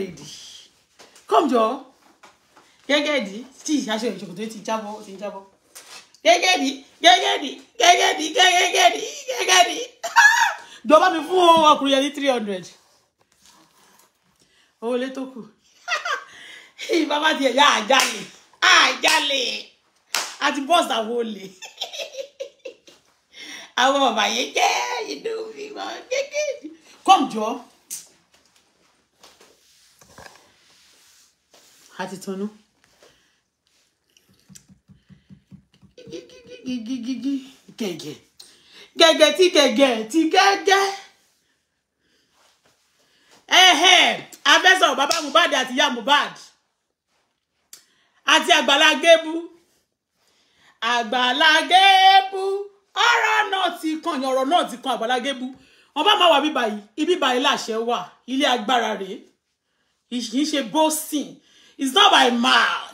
lady come jọ gẹ́gẹ́dì tí aṣọ ìṣòkò tó ti jábọ́ ti jábọ́ gẹ́gẹ́dì gẹ́gẹ́dì gẹ́gẹ́dì gẹ́gẹ́dì gẹ́gẹ́dì jọba mi fún ọkùnrin yẹn ní three hundred owó lé tó kù bàbá tiẹ̀ yá àjálè àjálè àti bọ́ọ̀sì àwọn olè àwọn ọ̀bàyẹ́jẹ́ ìdúró fi wọ́n gẹ́gẹ́dì come jọ. a ti tanná gẹ̀gẹ̀ gẹ̀gẹ̀ tí gẹ̀gẹ̀ tí gẹ́gẹ́ ẹ̀hẹ́ afẹ́sọ̀ bàbá Mohbad àti ìyá Mohbad àti Àgbàlá Gabriel Àgbàlá Gabriel ọ̀rọ̀ náà ti kan ọ̀rọ̀ náà ti kan Àgbàlá Gabriel wọn bá máa wà bíbá yìí ibi báyìí láṣẹ wà ilé agbára rèé kì í ṣe bósìn It's not by mouth.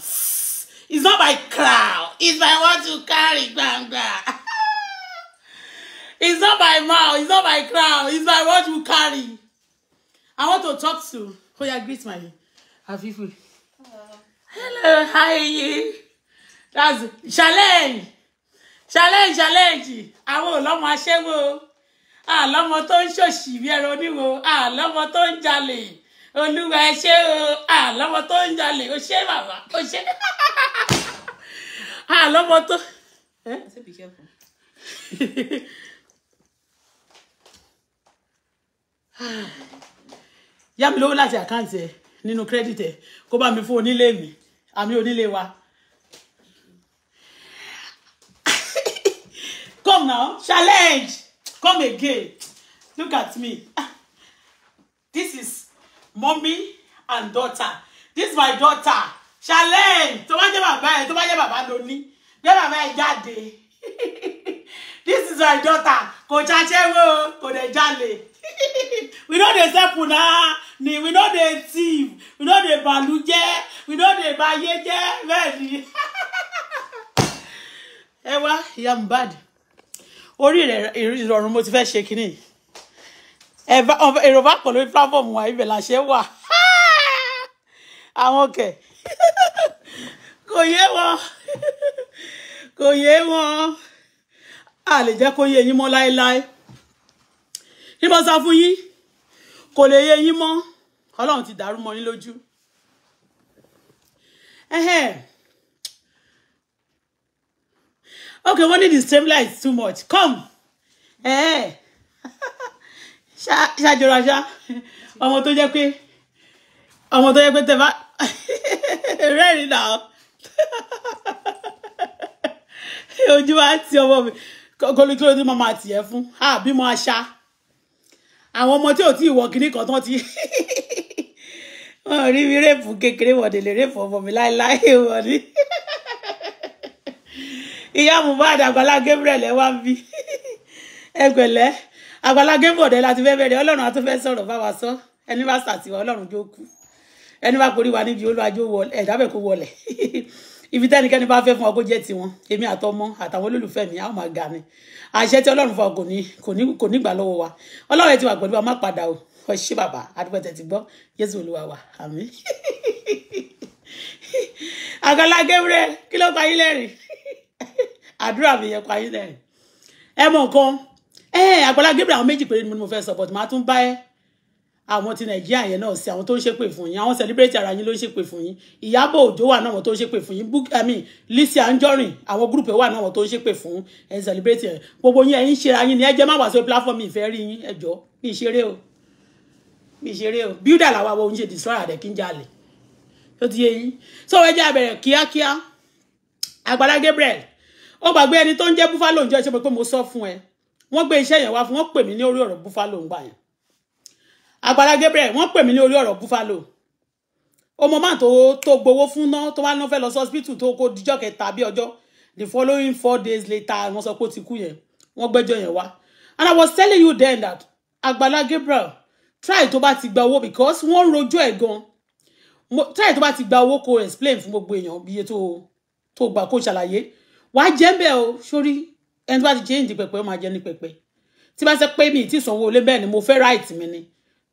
It's not by crowd. It's by what you carry, Ganga. It's not by mouth. It's not by crowd. It's by what you carry. I want to talk to. Oh yeah, greet my Afifu. Hello. Hello. you? That's challenge. Challenge, challenge. I Àwọn ọlọ́mọ aṣẹ́wó. Àlọ́mọ tó ń ṣòṣì bí ẹran oníwo. Àlọ́mọ tó ń Challenge olúwa ẹ ṣé o àlọ́mọ tó ń jalè o ṣé bàbá o ṣé àlọ́mọ tó. yá mi lówó láti àkáǹtì ẹ nínú kírẹ́dìtì ẹ kó bá mi fún onílé mi àmì onílé wa. Come now, challenge. Come again. Look at me. Ah, this is mommy and daughter this is my daughter challenge tó bá jẹ́ bàbá ẹ̀ tó bá jẹ́ bàbá ló ní gbé bàbá ẹ̀ jáde this is my daughter kò ṣàṣẹ́wó kò dẹ̀ jalè we no dey sẹ́pù náà ni we no dey thief we no dey bàlújẹ́ we no dey bayé jẹ́ bẹ́ẹ̀ ni ẹ wá ìyá Mohbad orí rẹ̀ ìrọ̀rùn mo ti fẹ́ ṣe kínní èrò bá pọ̀ lórí platform wa ibẹ̀ làṣẹ wà àwọn kẹ̀ kò yé wọn kò yé wọn a lè jẹ́ kó yé yín mọ́ láéláé ní mo fún yín kò lè yé yín mọ́ ọlọ́run ti dàrú mọ́ yín lójú okay wọ́n ní the streamlight too much come. Hey ṣáàjọra ṣá ọmọ tó jẹ́ pé ọmọ tó jẹ́ pé tẹ̀bá rẹ́rìn náà ojú wa ti ọmọ mi kọlùkọlù tí mo máa tì ẹ́ fún àbímọ aṣá àwọn ọmọ tí ò tí ì wọ kíní kan tán ti wọn rí mi rẹ́ẹ̀fù kékeré wọ̀dẹ̀ lè rẹ́ẹ̀fù ọmọ mi láéláé wọ̀dí ìyá Mohbad Àgbàlá Gabriel ẹ wá ń bí ẹ pẹ̀lẹ́. Àgbàlá Gabriel láti fẹ́ bẹ̀rẹ̀ ọlọ́run àti fẹ́ sọ̀rọ̀ bá wa sọ ẹni bá sàtiwá ọlọ́run jó kú ẹni bá porí wa níbi olúwàjò wọlé ẹ̀dá bẹ̀ kó wọlé ibi tẹ́nikẹ́ni bá fẹ́ fún wa kó jẹ́ tiwọn èmi àtọmọ àtàwọn olólùfẹ́ mi àwọn máa ga ni àṣẹ tí ọlọ́run fún wa kò ní gbà lọ́wọ́ wa ọlọ́run ẹ ti wà pẹ̀lú wa má padà o ẹ ṣé bàbá adúgbò tẹ̀ ti gbọ́ Jésù olúwa wa àmín. Àgbàlá Gabriel kí ló pa yín lẹ́rìn àdúrà mi yẹ pa yín lẹ́rìn ẹ mọ nǹkan ẹ eh, Àgbàlá Gabriel àwọn méjì péré ni mo fẹ́ sọ but màá tún bá ẹ àwọn ti nàìjíríà yẹn náà sí àwọn tó ń ṣépè fún yín àwọn celebrate ara yín ló ń ṣépè fún yín ìyábọ̀ òjó wà náà wọn tó ń ṣépè fún yín book i mean lisi anjorin àwọn gúrùpù wà náà wọn tó ń ṣépè fún ẹ eh, celebrate yẹn gbogbo yín ẹ̀yin ṣe ara yín ni ẹ jẹ́ má wá sí platform ìfẹ́ rí yín ẹ jọ mi ìṣeré o mi ìṣeré o builder làwa wo oúnjẹ destroyer àdẹ kí n jalè tó ti yé yín so ẹ jẹ́ abẹ̀rẹ̀ kíákíá Àgbàlá Gabriel ó gbàgbé ẹni tó ń jẹ́ búfalo ìjọ ìṣẹ́ pé mo sọ fún ẹ wọ́n gbé iṣẹ́ yẹn wá fún wọ́n pè mí ní orí ọ̀rọ̀ buffalo ń gbà yẹn Agbala Gabriel wọ́n pè mí ní orí ọ̀rọ̀ buffalo ọmọ máa tó tó gbowó fún náà tó wá náà fẹ́ lọ sí hospital tó kó dijọ́ kẹta bí ọjọ́ the following four days later wọ́n sọ pé ó ti kú yẹn wọ́n gbẹ́jọ́ yẹn wá and I was telling you then that Agbala Gabriel try tó bá ti gba owó because wọ́n ń rojọ́ ẹ̀ gan try tó bá ti gba owó kó explain fún gbogbo èèyàn bí iye tó tó gbà kó ṣàlàyé wàá jẹ́ ń bẹ́ẹ̀ o sórí ẹni tó bá ti change pẹpẹ ó máa jẹ ní pẹpẹ tí bá ṣe pé mi ti sanwó olé bẹ́ẹ̀ ni mo fẹ́ right mi ni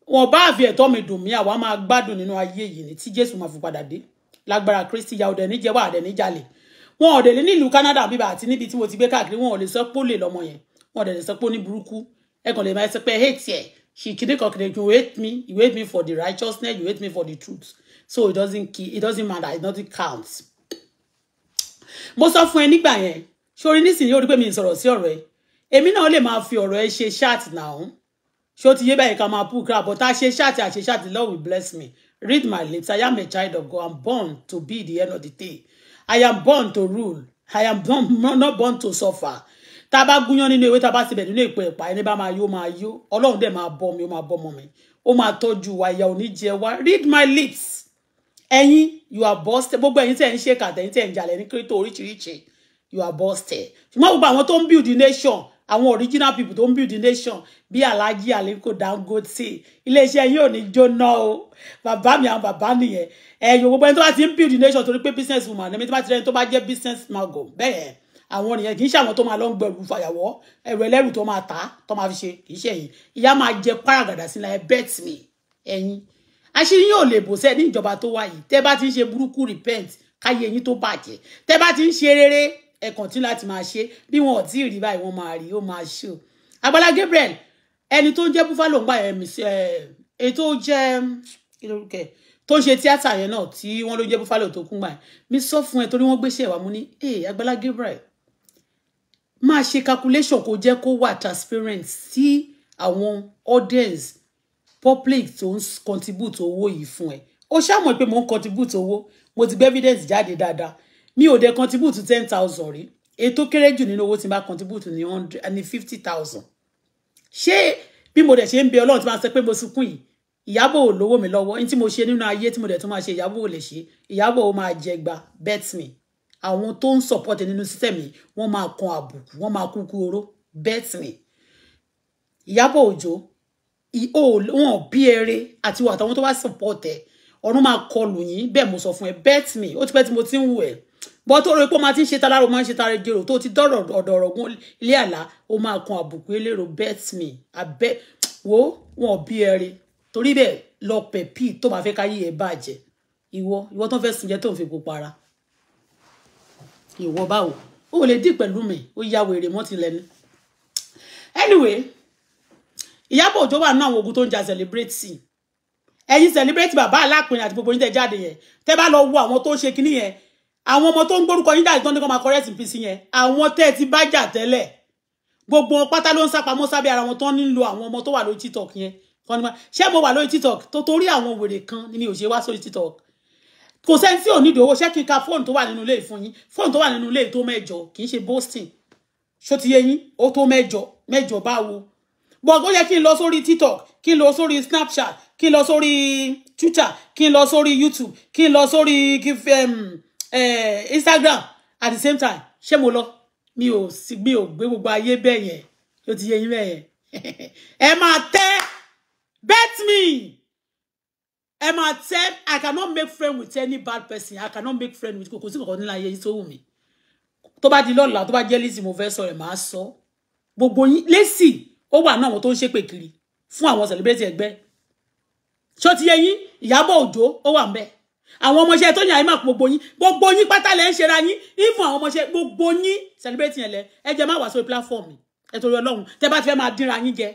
wọn bá àfi ẹ̀tọ́ mi dùn mí àwa máa gbádùn nínú ayé yìí ni tí Jésù máa fi padà dé lágbára Kristi ya ọdẹ níjẹwà ọdẹ níjàlè wọn ọdẹ lé nílùú Canada bíbá àti níbi tí mo ti gbé káàkiri wọn ò lè sọ pé ó lè lọmọ yẹn wọn ọdẹ lè sọ pé ó ní burúkú ẹ kàn lè máa sọ pé hate ẹ she kìdí kan kìdí you hate me you hate me for the righteousness you hate me for the truth so it doesn't it doesn't matter it doesn't count mo sọ fún ẹ nígbà yẹn ṣorí nísìnyí ó rí pé mi sọ̀rọ̀ sí ọ̀rọ̀ ẹ èmi náà lè máa fi ọ̀rọ̀ ẹ ṣe ṣáàtì náà ṣé ó ti yé báyìí ká máa pú kra but a ṣe ṣáàtì àṣe ṣáàtì Lord will bless me read my lips I am a child of God I am born to be the end of the day I am born to rule I am born, not born to suffer tá a bá gúnyán nínú ewé tá a bá ti bẹ̀ nínú ìpè ẹ̀pà ẹni bá máa yó máa yó ọlọ́run dẹ̀ máa bọ́ mi ó máa bọ́ ọmọ mi ó máa tọ́jú wa ìyà ò jẹ wá read my lips ẹ̀yin you are boss gbogbo ẹ̀yin tẹ̀ ń ṣe kàtẹ́yìn tẹ̀ ń jalè ní kírító oríṣiríṣi you are busted ṣùgbọ́n gbogbo àwọn tó ń build the nation àwọn original people tó ń build the nation bí alhaji aliko dangote iléeṣẹ́ yìí ò ní jóná o bàbá mi àwọn bàbá nìyẹn ẹ̀yìn gbogbo ẹni tó bá ti ń build the nation torí pé business woman ẹni tó bá ti rẹni tó bá jẹ́ business mago bẹ́ẹ̀ àwọn nìyẹn kì í ṣe àwọn tó máa lọ ń gbẹrù fàyàwọ́ ẹ̀rọ ẹlẹ́rù tó máa tà tó máa fi ṣe kì í ṣe yìí ìyá máa jẹ páràgàdà sílẹ̀ ẹ bet me ẹ̀yin àṣírí yóò lè bò sẹ́ ní ìjọba tó wáyé tẹ́ bá ti ń ṣe burúkú repent káyé yín tó bàjẹ́ tẹ́ bá ti ń ṣe rere ẹ continue láti máa ṣe bí wọn ò tí ì rí báyìí wọn máa rí ó máa ṣe o Agbala Gabriel ẹni tó ń jẹ́ Buffalo ń gbà yẹn mi sí ẹ tó jẹ́ ìlórúkẹ tó ń ṣe tíátà yẹn náà tí wọ́n ló jẹ́ Buffalo tó kún gbà yẹn mi sọ fún ẹ torí wọ́n gbéṣẹ́ ìwà mú ní ee Agbala Gabriel máa ṣe calculation kó jẹ́ kó wà transparent sí àwọn audience public tó ń contribute owó yìí fún ẹ o ṣáà pé mo ń contribute owó mo ti gbé evidence jáde dáadáa mi ò dẹ̀ contribute ten thousand rí èyí tó kéré jù nínú owó tí n bá contribute ní hundred ní fifty thousand ṣé bí mo dẹ̀ ṣe ń bẹ ọlọ́run tí máa sọ pé mo sunkún yìí ìyábọ̀ ò lówó mi lọ́wọ́ ní tí mo ṣe nínú ayé tí mo dẹ̀ tún máa ṣe ìyábọ̀ ò lè ṣe ìyábọ̀ ò máa jẹ gba bet me àwọn tó ń support nínú system yìí wọ́n máa kan àbùkù wọ́n máa kúkú oró bet me ìyábọ̀ òjò wọn bí eré àti àtàwọn tó wá support ẹ̀ ọ̀run máa kọlù yín bẹ́ẹ̀ mo sọ fún ẹ bet me ó ti pẹ́ tí mo ti ń wù ẹ́ bọ́ tó rẹ pé ó máa ti ń ṣe taláró máa ń ṣe tara jèrò tó ti dọ̀rọ̀ ọ̀dọ̀ ọ̀rọ̀ gún ilé àlá ó máa kan àbùkù elérò bet me abẹ́ wo wọn ò bí ẹrí torí bẹ́ẹ̀ lọ pẹ̀pì tó bá fẹ́ káyé ẹ̀ bàjẹ́ ìwọ ìwọ tó fẹ́ sùn jẹ́ tó ń fi pupa ara ìwọ báwo ó lè dì pẹ̀lú mi ó ya wèrè mọ́ ti lẹ́nu anyway Ìyábọ̀ Òjó wà náà àwọn ogun tó ń ja celebrate ẹ̀yin celebrate bàbá alápẹ̀rẹ̀ àti gbogbo yín tẹ́ jáde yẹn tẹ́ bá lọ wo àwọn tó ń ṣe kinní yẹn àwọn ọmọ tó ń gbórúkọ yín jáde tó ń ní kó máa correct pc yẹn àwọn tẹ́ ẹ ti bá jà tẹ́lẹ̀ gbogbo wọn pátá ló ń sápamọ́ sábẹ́ ara wọn tó ń lo àwọn ọmọ tó wà lórí tiktok yẹn kan ní ma ṣé mo wà lórí tiktok tó torí àwọn wèrè kan ni mi ò ṣe wá sórí tiktok kò sẹ́ni tí ò ní ìdòwò ṣé kí n ka fóònù tó wà nínú ilé ìfún yín fóònù tó wà nínú ilé tó mẹ́jọ kì í ṣe boasting ṣó ti yé yín ó tó mẹ́jọ mẹ́jọ báwo bọ́ọ̀gó yẹ kí n lọ sórí tiktok kí n lọ sórí snapchat kí n lọ sórí twitter kí n lọ sórí youtube kí n lọ sórí kí n eh, Instagram at the same time ṣé mo lọ mi ò sì mi ò gbé gbogbo ayé bẹ́ẹ̀ yẹn tó ti yẹ yín bẹ́ẹ̀ yẹn ẹ máa tẹ́ bet me ẹ máa tẹ́ I cannot make friend with any bad person I cannot make friend with kò sí kankan nínú ayé yìí tó wù mí tó bá di lọ́la tó bá jẹ́ Lizzy mo fẹ́ sọ rẹ̀ màá sọ gbogbo yín Lizzy ó wà náà àwọn tó ń ṣépè kiri fún àwọn celebrity ẹgbẹ́ ṣó ti yẹ yín Ìyábọ̀ Òjó ó wà ń bẹ́ẹ̀ àwọn ọmọọṣẹ́ tó yàn àyè máa gbogbo yín gbogbo yín pátá lẹ ń ṣera yín ìfún àwọn ọmọọṣẹ́ gbogbo yín celebrate yẹn lẹ ẹ jẹ má wá sórí platform ẹ torí Ọlọ́run tẹ bá ti fẹ́ máa dínra yín jẹ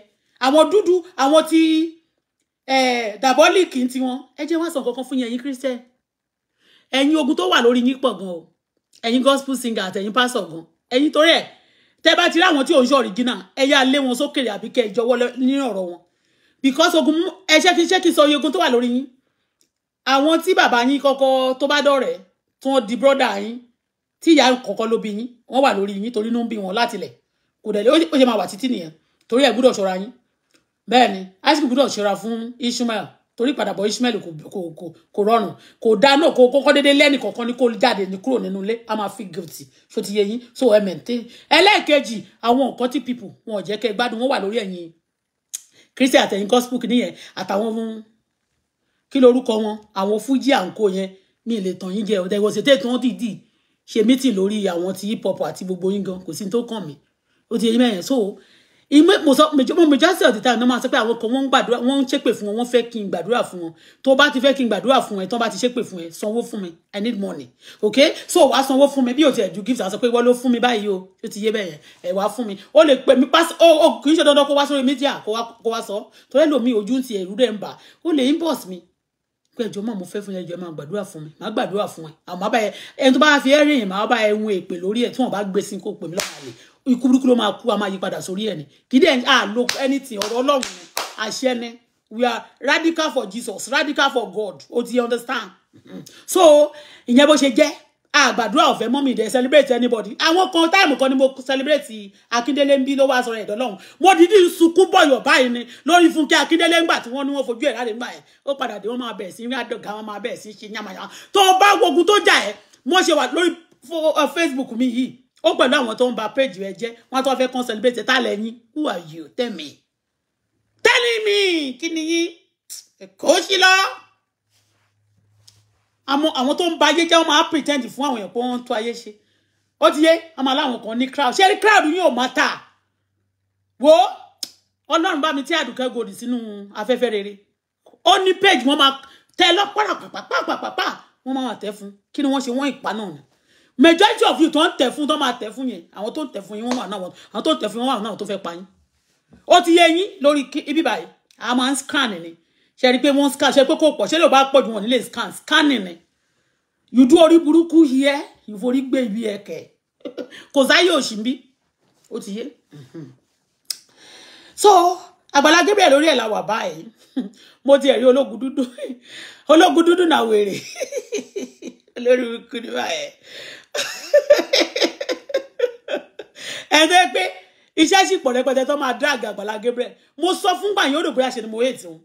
àwọn dúdú àwọn ti dàbọlìkì tiwọn ẹ jẹ wá sàn kankan fún yẹn yín Christian ẹ̀yin ogun tó wà lórí yín pọ̀ gan o ẹ̀yin gospel singer àtẹ̀yin pastor gan ẹ̀yin torí ẹ tẹ bá ti rí àwọn tí ò ń ṣe original ẹ yá lé wọn sókèrè àbí ìjọwọ ní ọ̀rọ̀ wọn because ogun ẹ ṣé kí ṣé kí sọ iye ogun tó wà lórí yín àwọn tí bàbá yín kọ́kọ́ tó bá dọ̀rẹ́ tí wọ́n di brọ́dà yín tí ìyá kọ́kọ́ ló bí yín wọ́n wà lórí yín torí inú ń bí wọn látilẹ̀ kò dẹ̀ ó ṣe máa wà títí nìyẹn torí ẹ̀ gbúdọ̀ ṣọ́ra yín bẹ́ẹ̀ ni isaac gbúdọ̀ ṣọ́ra fún ishmael torí ìpadàbọ̀ ishmael kò kò kò rọrùn kò dá náà kò kọ́kọ́ déédéé lẹ́nì kọ̀ọ̀kan ní kó jáde ní kúrò nínú ilé a máa fi guilty so ti yẹ yín so ẹ maintain ẹlẹ́ẹ̀kejì àwọn nǹkan tí people wọn ò jẹ́ kẹ́ gbádùn wọn wà lórí ẹ̀yìn christian àtẹ̀yìn gospel nìyẹn àtàwọn kí lorúkọ wọn àwọn fújì àǹkó yẹn mi lè tàn yín jẹ ọ̀dẹ̀wọ̀ ṣètò ètò wọn dìdì ṣe mítì lórí àwọn ti hip hop àti gbogbo yín gan kò sí tó kàn mí ó ti yẹ mẹ́rin so ìmọ̀ mo sọ mo majority of the time náà máa sọ pé àwọn kan wọ́n ń gbàdúrà wọ́n ń ṣépè fún wọn wọ́n fẹ́ kí n gbàdúrà fún wọn tó bá ti fẹ́ kí n gbàdúrà fún ẹ tó bá ti ṣépè fún ẹ sanwó fún mi i need money ok so wàá sanwó fún mi bí o ti ẹ̀jú gift àti sọ pé wọ́n ló fún mi báyìí o ó ti yé bẹ́ẹ̀ ẹ̀ wá fún mi ó lè pè mí pass ó ó kì í ṣe dandan kó wá sórí media kó wá sọ torí ẹlòmíì ojú ti ẹ̀rú rẹ̀ ń bà ó lè inbox mi pé ẹjọ́ máa mo fẹ́ fún ẹjọ́ máa gbàdúrà fún mi máa gbàdúrà fún ẹ àmọ́ bá ẹ ẹni tó bá fi ẹ́ rìn máa bá ẹ hun èpè lórí ẹ tí wọ́n bá gbé sí kó pè lọ́wọ́ àlè ikú burúkú ló máa kú a máa yí padà sórí ẹ ni kì í dẹ̀ à lo anything ọ̀rọ̀ ọlọ́run ni àṣẹ ni we are radical for Jesus radical for God o ti understand so ìyẹn bó ṣe jẹ́ àgbàdua ọ̀fẹ́ mọ́mì dẹ̀ celebrate anybody àwọn kan táìmù kan ni mo celebrate Akíndélé ń bí ló wá sọ̀rọ̀ ẹ̀dọ́ lọ́hùn mo dídí sunkún bọ̀yọ̀ báyìí ni lórí Fúnkẹ́ Akíndélé ńgbà tí wọ́n ní wọ́n fojú ẹ̀ láti gbà ẹ̀ ó padà dé wọ́n máa bẹ̀rẹ̀ sí rí àdọ̀gá wọn máa bẹ̀rẹ̀ sí ṣe yàmàyàmà tó o bá wogun tó jà ẹ́ mo ṣe wà lórí uh, Facebook mi yìí ó pẹ̀lú àwọn tó ń ba page rẹ jẹ́ wọ́n tó fẹ́ kàn celebrate tá lẹ́yìn who are you tell me tell me kí ni yín kò àwọn tó ń ba ayé jẹ́ wọ́n máa pretend fún àwọn èèyàn pé wọ́n ń tó ayé ṣe ó ti yé wọ́n máa láwọn kan ní crowd ṣé crowd yìí ò máa tà wo ọlọ́run bá mi tí àdùkẹ́ gòdì sínú afẹ́fẹ́ rere ó ní page wọ́n máa tẹ lọ́pọ̀lọ̀ pàpàpàpàpà wọ́n máa tẹ̀ fún kí ni wọ́n ṣe wọ́n ìpa náà ni majority of you tó ń tẹ̀ fún tó máa tẹ̀ fún yẹn àwọn tó ń tẹ̀ fún yín wọ́n wà náà àwọn tó ń tẹ̀ fún yín wọ́n wà náà tó fẹ́ pa yín ó ti yé yín lórí ibi báyìí a máa ń scan ni ṣe rí pé wọ́n scan ṣe pé kò pọ̀ ṣe lè bá pọ̀ jù wọ́n nílé scan scanning ni you do orí burúkú yẹ ìforí gbé ibi ẹ̀kẹ́ kò sáyé òṣì bí ó ti yé so Àgbàlá Gabriel lórí ẹ̀ la wà báyìí mo ti ẹ̀rí ológun dúdú ológun dúdú náà wèrè lórí ikú ni báyìí ẹgbẹ́ pé iṣẹ́ sì pọ̀ rẹpẹtẹ tó máa drag Àgbàlá Gabriel mo sọ fún gbàyàn ó rò bóyá ṣe ni mo hate wọn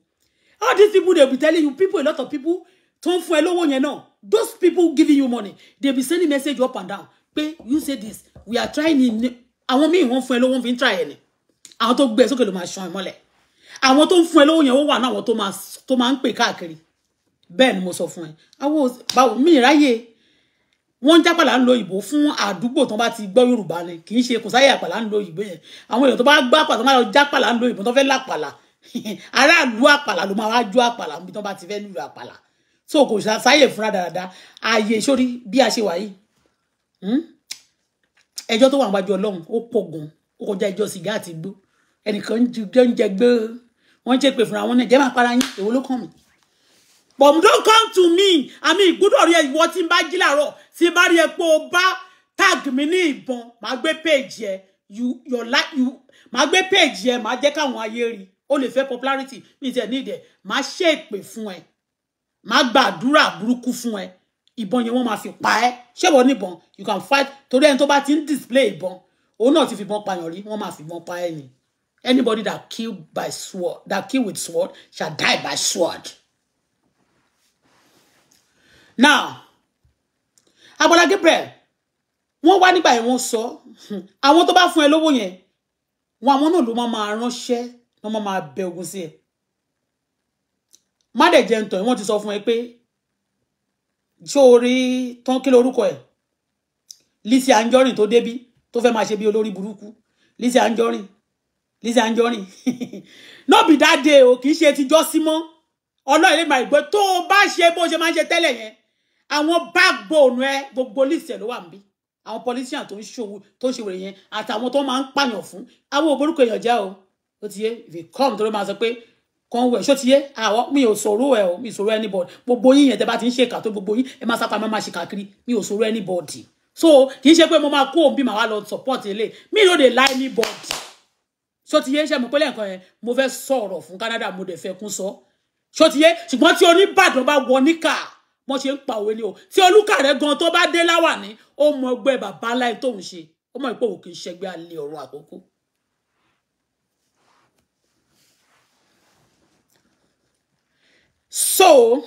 all these people they'll be telling you people a lot of people tó ń fún ẹ lówó yẹn náà those people giving you money they'll be sending message up and down pé you say this we are trying in àwọn míì wọ́n fún ẹ lówó wọ́n fi ń try ẹ I àwọn tó gbé ẹ sókè ló show ṣan ẹ mọ́lẹ̀ àwọn tó ń fún ẹ lówó yẹn ó wà náà àwọn tó máa ń pè káàkiri bẹ́ẹ̀ ni mo sọ fún ẹ àwọn la mi ráyè wọ́n jápàlà ń lo ìbò fún àdúgbò tó bá ti gbọ́ yorùbá ni kì í ṣe kò sáyè àpàlà ń lo ìbò yẹn àwọn èèyàn tó bá gbọ́ àpàlà tó bá jápàlà ń lo ìbò tó aráàlú àpàlà ló máa wá jó àpàlà níbi tí wọ́n bá ti fẹ́ lùlù àpàlà so kò sáyè fúnra dáadáa ààyè sórí bí a ṣe wà yìí hmm? ẹjọ́ tó wà wájú Ọlọ́run ó pọ̀ gan ó kọjá ẹjọ́ sìgá àti igbó ẹnìkan ń jẹ gbé wọ́n jẹ́ pé fúnra wọn náà jẹ́ máa para yín èwo ló kàn mí but don't come to me àmì ìgbúdọ̀ rí ìwọ tí n bá jí làárọ̀ tí n bá rí epo tag mi ní ìbọn màá gbé page yẹ you your life you màá gbé page yẹ màá jẹ́ káwọn ayé rí o lè fẹ́ popularity mi tẹ̀ ní ìdẹ̀ máa ṣe èpè fún ẹ máa gbàdúrà burúkú fún ẹ ìbọn yẹn wọ́n máa fi pa ẹ́ ṣẹ́wọ̀ níbọn you can fight torí ẹni tó bá ti display ìbọn òun náà ti fìbọn pààyàn rí wọ́n máa fìbọn pa ẹ́ ni anybody that kill by sword that kill with sword shall die by sword. now Agbala Gabriel wọ́n wá nígbà yẹn wọ́n sọ àwọn tó bá fún ẹ lówó yẹn wọn àwọn náà ló máa máa ránṣẹ́ wọ́n máa máa bẹ ogun sí ẹ má dẹ̀ jẹun tán wọ́n ti sọ fún ẹ pé ṣé o rí tán kí lorúkọ ẹ Lizzy Anjorin tó débí tó fẹ́ máa ṣe bí olórí burúkú Lizzy Anjorin Lizzy Anjorin no be that day o kì í ṣe ti jọ́sí mọ́ ọlọ́run lè máa ìgbẹ́ tó o bá ṣe bó ṣe máa ń ṣe tẹ́lẹ̀ yẹn àwọn backbone ẹ gbogbo Lizzy ẹ ló wà níbí àwọn politician tó ń ṣòwò tó ń ṣe wèrè yẹn àtàwọn tó máa ń pààyàn fún àwọn ògbórúkọ èèyàn jẹ́ o ó ti yé if you come tó ló máa sọ pé kan wẹ̀ ṣó ti yé àwọn ah, mi ò sọ̀rọ̀ ẹ̀ o mi ò sọ̀rọ̀ anybody gbogbo yín yẹn tẹ́ bá ti ń ṣe ìkà tó gbogbo yín ẹ máa sápá máa ṣe kàkiri mi ò sọ̀rọ̀ anybody so kì í ṣe pé mo máa kó òbí màá wá lọ support ilé mi ò lè lie anybody ṣó ti yé ṣe mo pé lẹ́ẹ̀kan yẹn mo fẹ́ sọ̀rọ̀ fún Canada mo dẹ̀ fẹ́ kún sọ ṣó ti yé ṣùgbọ́n tí Oníbàdàn bá wọ níkà wọ́n ṣe ń pa òwe ni o tí olúkà rẹ̀ gan tó bá dé láwà ní ó mọ ẹgbẹ́ bàbá láì tóun ṣe ó mọ ìpòwò kì í ṣẹgbẹ́ alẹ́ ọ̀run àkókò so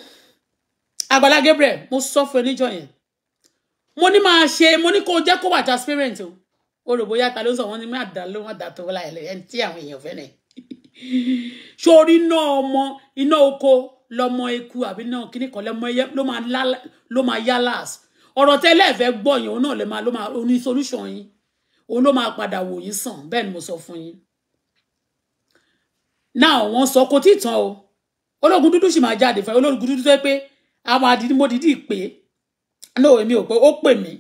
Agbala Gabriel mo sọ fún oníjọ yẹn mo ní máa ṣe mo ní kó jẹ́ kó wà transparent o o rò bóyá ta ló ń sọ wọn ni má dá ló wọn dá tó wọlá ẹlẹ ẹni tí àwọn èèyàn fẹ́ràn sórí iná ọmọ iná oko lọmọ eku àbí náà kíní kan lọmọ ẹyẹ ló máa yá láàs ọ̀rọ̀ tẹ́lẹ̀ fẹ́ gbọ́ yẹn òun náà lè máa ló máa oní solution yín òun ló máa padà wò yín sàn bẹ́ẹ̀ ni mo sọ fún yín náà wọ́n sọ kò tí tán o ológun dúdú sì máa jáde fún ẹ ológun dúdú tó yẹ pé àwọn àdìdí mo dìdí pé no èmi ò pé ó pè mí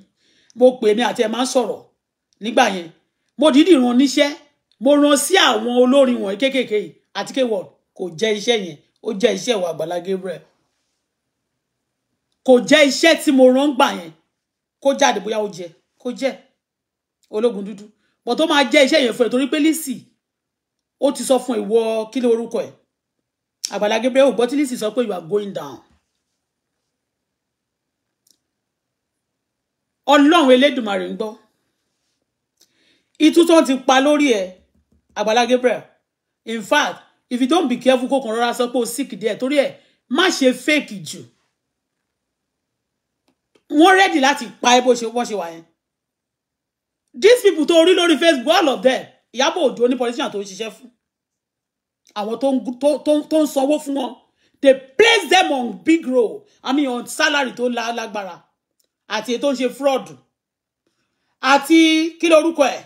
mo pè mí àti ẹ máa ń sọ̀rọ̀ nígbà yẹn mo dìdí ran níṣẹ́ mo rán sí àwọn olórin wọ̀nyí kéékèèké àti kéwọ̀ kò jẹ́ iṣẹ́ yẹn ó jẹ́ iṣẹ́ ìwà Àgbàlá Gabriel kò jẹ́ iṣẹ́ tí mo rán gbà yẹn kó jáde bóyá ó jẹ kó jẹ ológun dúdú bọ̀ tó máa jẹ́ iṣẹ́ yẹn fún ẹ torí pé Lizzy ó ti sọ fún ìwọ kí ló orúkọ ẹ̀ Agbala Gabriel gbọ́ tí Lizzy sọ pé you are going down. Ọlọ́run Elédùmarè ń gbọ́. Itú tó ti pa lórí ẹ̀ Agbala Gabriel. In fact, if you don't be careful kó kàn rọra sọ pé o sick díẹ̀ torí ẹ̀ má ṣe fake jù. Wọ́n rẹ́dì láti pa ẹ́ bó ṣe wọ́n ṣe wà yẹn. These people tó rí lórí Facebook all of them Ìyábọ̀ Òjó ní politician tó ń ṣiṣẹ́ fún àwọn tó ń sanwó fún wọn they place them on big role i mean on salary tó lágbára àti èyí tó ń ṣe fraud àti kí lorúkọ ẹ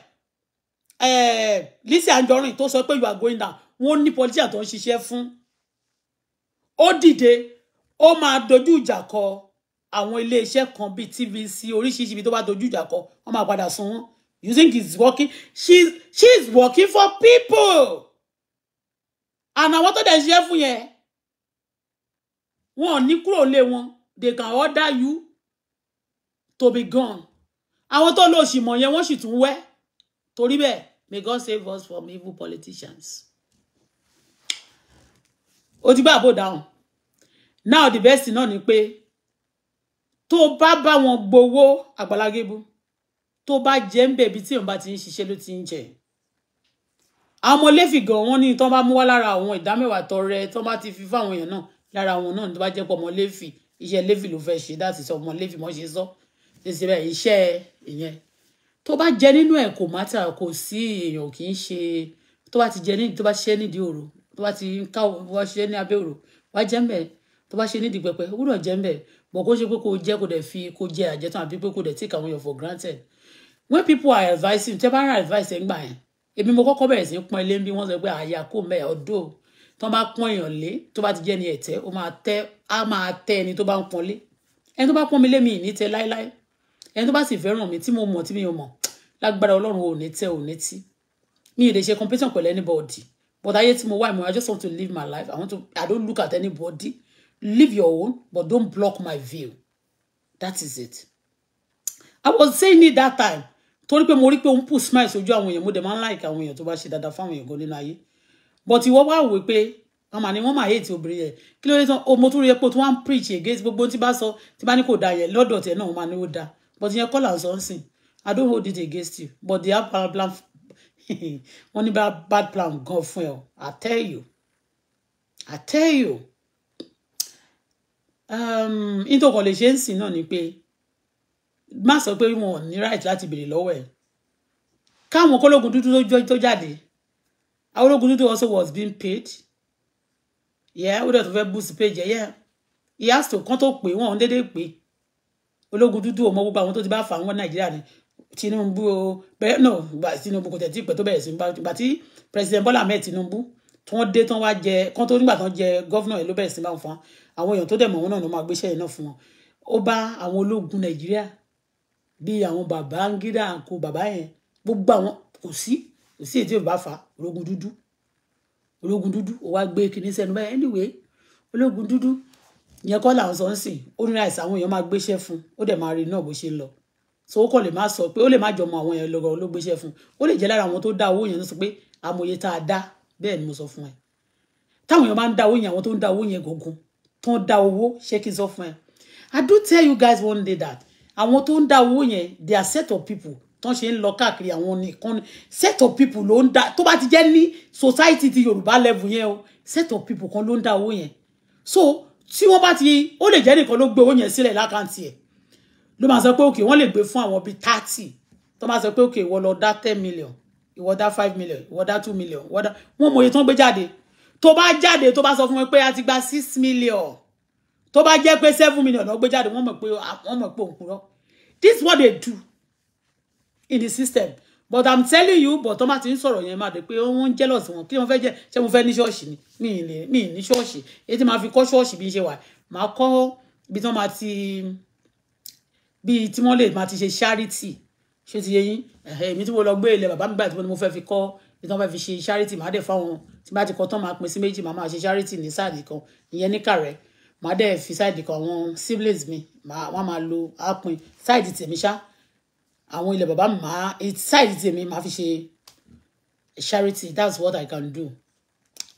ẹ eh, Lizzy Anjorin tó sọ pé you are going down wọ́n ní politician tó ń ṣiṣẹ́ fún ó dìde ó máa dojú ìjà kọ àwọn iléeṣẹ́ kan bíi TVC oríṣiríṣi ibi tó bá dojú ìjà kọ wọ́n máa padà sun wọn you think he's working she she's working for people and àwọn tó dẹ̀ ń ṣiṣẹ́ fún you wọn ò ní kúrò lé they can order you to be gone àwọn tó lò ṣìmọ̀ yẹn wọ́n she tún wẹ́ torí bẹ́ẹ̀ may God save us from evil politicians. ó ti bá àbò dáhùn now the best náà ni pé To bá bá wọn gbowó àgbàlagébú To bá jẹ́ ń bẹ̀bí tí òun ti ń ṣiṣẹ́ ló ti ń jẹ́ ẹ̀ àwọn ọmọ lẹ́fì gan wọ́n ní tí wọ́n bá mú wá lára àwọn ìdámẹ́wàá tọrẹ tí wọ́n bá ti fi fáwọn èèyàn náà lára àwọn náà tó bá jẹ́ pọ̀ ọmọ lẹ́fì iṣẹ́ lẹ́fì ló fẹ́ ṣe láti sọ ọmọ lẹ́fì mọ́ ṣe sọ ṣèṣe bẹ́ẹ̀ iṣẹ́ ìyẹn tó bá jẹ nínú ẹ̀ kò má ta kò sí èèyàn kì í ṣe tó bá ti jẹ ní tó bá ṣiṣẹ́ nídìí òru tó bá ti ká wá ṣiṣẹ́ ní abẹ́ òru wá jẹ́ mbẹ́ tó bá ṣe nídìí pẹpẹ gbúdọ̀ jẹ́ mbẹ́ bọ̀ kó ṣe pé kò jẹ́ kò dẹ̀ fi kò jẹ́ àjẹtàn àbí pé kò dẹ̀ take àwọn for granted when people are advising tẹ́ bá ń ra advice ẹ̀ ń gbà yẹn èmi mo kọ́kọ́ bẹ̀rẹ̀ sí ń pọ́n ilé ń bí wọ́n sọ pé àyà kò mẹ́ ọ̀dọ́ tó bá pọ́n èèyàn lé tó bá ti jẹ́ ni ẹ̀tẹ́ ó máa tẹ́ á máa tẹ́ ẹni tó bá ń pọ́n lé ẹni tó bá pọ́n mi lé mi ìní tẹ́ láéláé ẹni tó bá sì fẹ́ràn mi tí mo mọ̀ tí mi ò mọ̀ lágbára ọlọ́run ò ní tẹ́ ò ní tí mi ò lè ṣe competition pẹ̀lú anybody but ayé tí mo wà mo I just want to live my life I want to I don't look at anybody live your own but don't block my view that is it I was saying it that time torí pé mo rí pé òun pù smile sójú àwọn èèyàn mo dẹ̀ máa ń like àwọn èèyàn tó bá ṣe dáadáa fáwọn èèyàn gan nínú ayé but ìwọ wá wò pé ọmọ àní wọn máa hate obìnrin yẹn kí ló dé tán o mo tún rí epo tí wọn ń preach against gbogbo tí bá sọ tí bá ní kò dáa yẹn lọ́dọ̀ tẹ̀ náà wọn máa ní ó dáa but ìyẹn kọ́là sọ ń sìn i don't hold it against you but they have bad plan wọn ní bad plan gan fún ẹ o i tell you i tell you um nítorí kan lè ṣe ń sìn náà ni pé má sọ pé wọn ò ní right láti béèrè lọ́wọ́ ẹ̀ káwọn kólógun dúdú tó jáde àwọn ológun dúdú also was being paid yeah ó dẹ̀ tó fẹ́ boost page yeah he has to kán tó pè wọ́n déédéé pè ológun dúdú ò mọ gbogbo àwọn tó ti bá fà wọ́n nàìjíríà ni tinubu o bẹ́ẹ̀ náà gba tinubu kò tẹ̀ tí pẹ̀ tó bẹ̀rẹ̀ sí gba tí president bola ahmed tinubu tí wọ́n dé tán wá jẹ kán tó nígbà tán jẹ gọ́vnà ẹ̀ ló bẹ̀rẹ̀ sí bá wọn fún àwọn èèyàn tó dẹ̀ mọ̀ wọn náà ló máa gbéṣẹ́ yẹn náà fún wọn ó bá àwọn ológun nàìjíríà bí àwọn bàbá ń gíra àǹkó bàbá yẹn gbogbo àwọn kò sí kò sí èdè bàbá fa ológun dúdú ológun dúdú ó wá gbé kinní sẹ́nu báyìí anyway ológun dúdú yẹn kọ́ làwọn sọ ń sìn ó ní àìsàn àwọn èèyàn máa gbéṣẹ́ fún ó dẹ̀ máa rí náà bó ṣe ń lọ so ó kọ̀ lè má sọ pé ó lè má jọmọ àwọn èèyàn lọ́gọ́ ló gbéṣẹ́ fún ó lè jẹ́ lára àwọn tó dá owó yẹn tó sọ pé amòye tá a dá bẹ́ẹ̀ ni mo sọ fún ẹ táwọn èèyàn máa ń dá owó yẹn àwọn tó ń dá owó yẹn gọ̀ọ̀gùn tó ń dá owó ṣé kí n sọ fún ẹ I do tell you guys one day that àwọn tó ń dá owó yẹn they are set of people tán ṣe ń lọ káàkiri àwọn nìkan set of people ló ń dá tó bá ti jẹ́ ní society ti yorùbá level yẹn o set of people kan ló ń dá owó yẹn so tí wọ́n bá ti ó lè jẹ́ nìkan ló gbé owó yẹn sílẹ̀ lákàntì ẹ̀ ló máa sọ pé òkè wọ́n lè gbé fún àwọn bíi thirty tó máa sọ pé òkè ìwọ lọ dá ten million ìwọ dá five million ìwọ dá two million ìwọ dá wọ́n mọ̀ iye tó ń gbé jáde tó bá jáde tó bá sọ fún wọn pé a ti gba six million tó bá jẹ́ pé seven million ló gbé jáde wọ́n mọ̀ pé wọ́n mọ̀ pé òun this is what they do in the system but i'm telling you but ọmọ ti ń sọ̀rọ̀ yẹn máa dé pé jealous wọn kí wọ́n fẹ́ jẹ́ ṣé mo fẹ́ ní ṣọ́ọ̀ṣì ni mi ì mi ì ní ṣọ́ọ̀ṣì èyí tí màá fi kọ́ ṣọ́ọ̀ṣì bí ṣe wà màá kọ́ ibi tí wọ́n ti bí tí wọ́n lè máa ti ṣe charity ṣé ti yẹ yín èmi tí mo lọ gbé ilẹ̀ bàbá mi báyìí tí mo fẹ́ fi kọ́ ibi tí wọ́n fi ṣe charity màá dẹ̀ fáwọn tí bá ti kọ́ tán máa pín sí méjì màá máa ṣe charity ní sáà nìkan ìyẹn ní kàrẹ́ màá dẹ̀ fi sáìdì kan àwọn siblings mi wọ́n máa lo àpín sáìdì tèmi ṣá àwọn ilẹ̀ bàbá mi máa sáìdì tèmi máa fi ṣe charity that's what I can do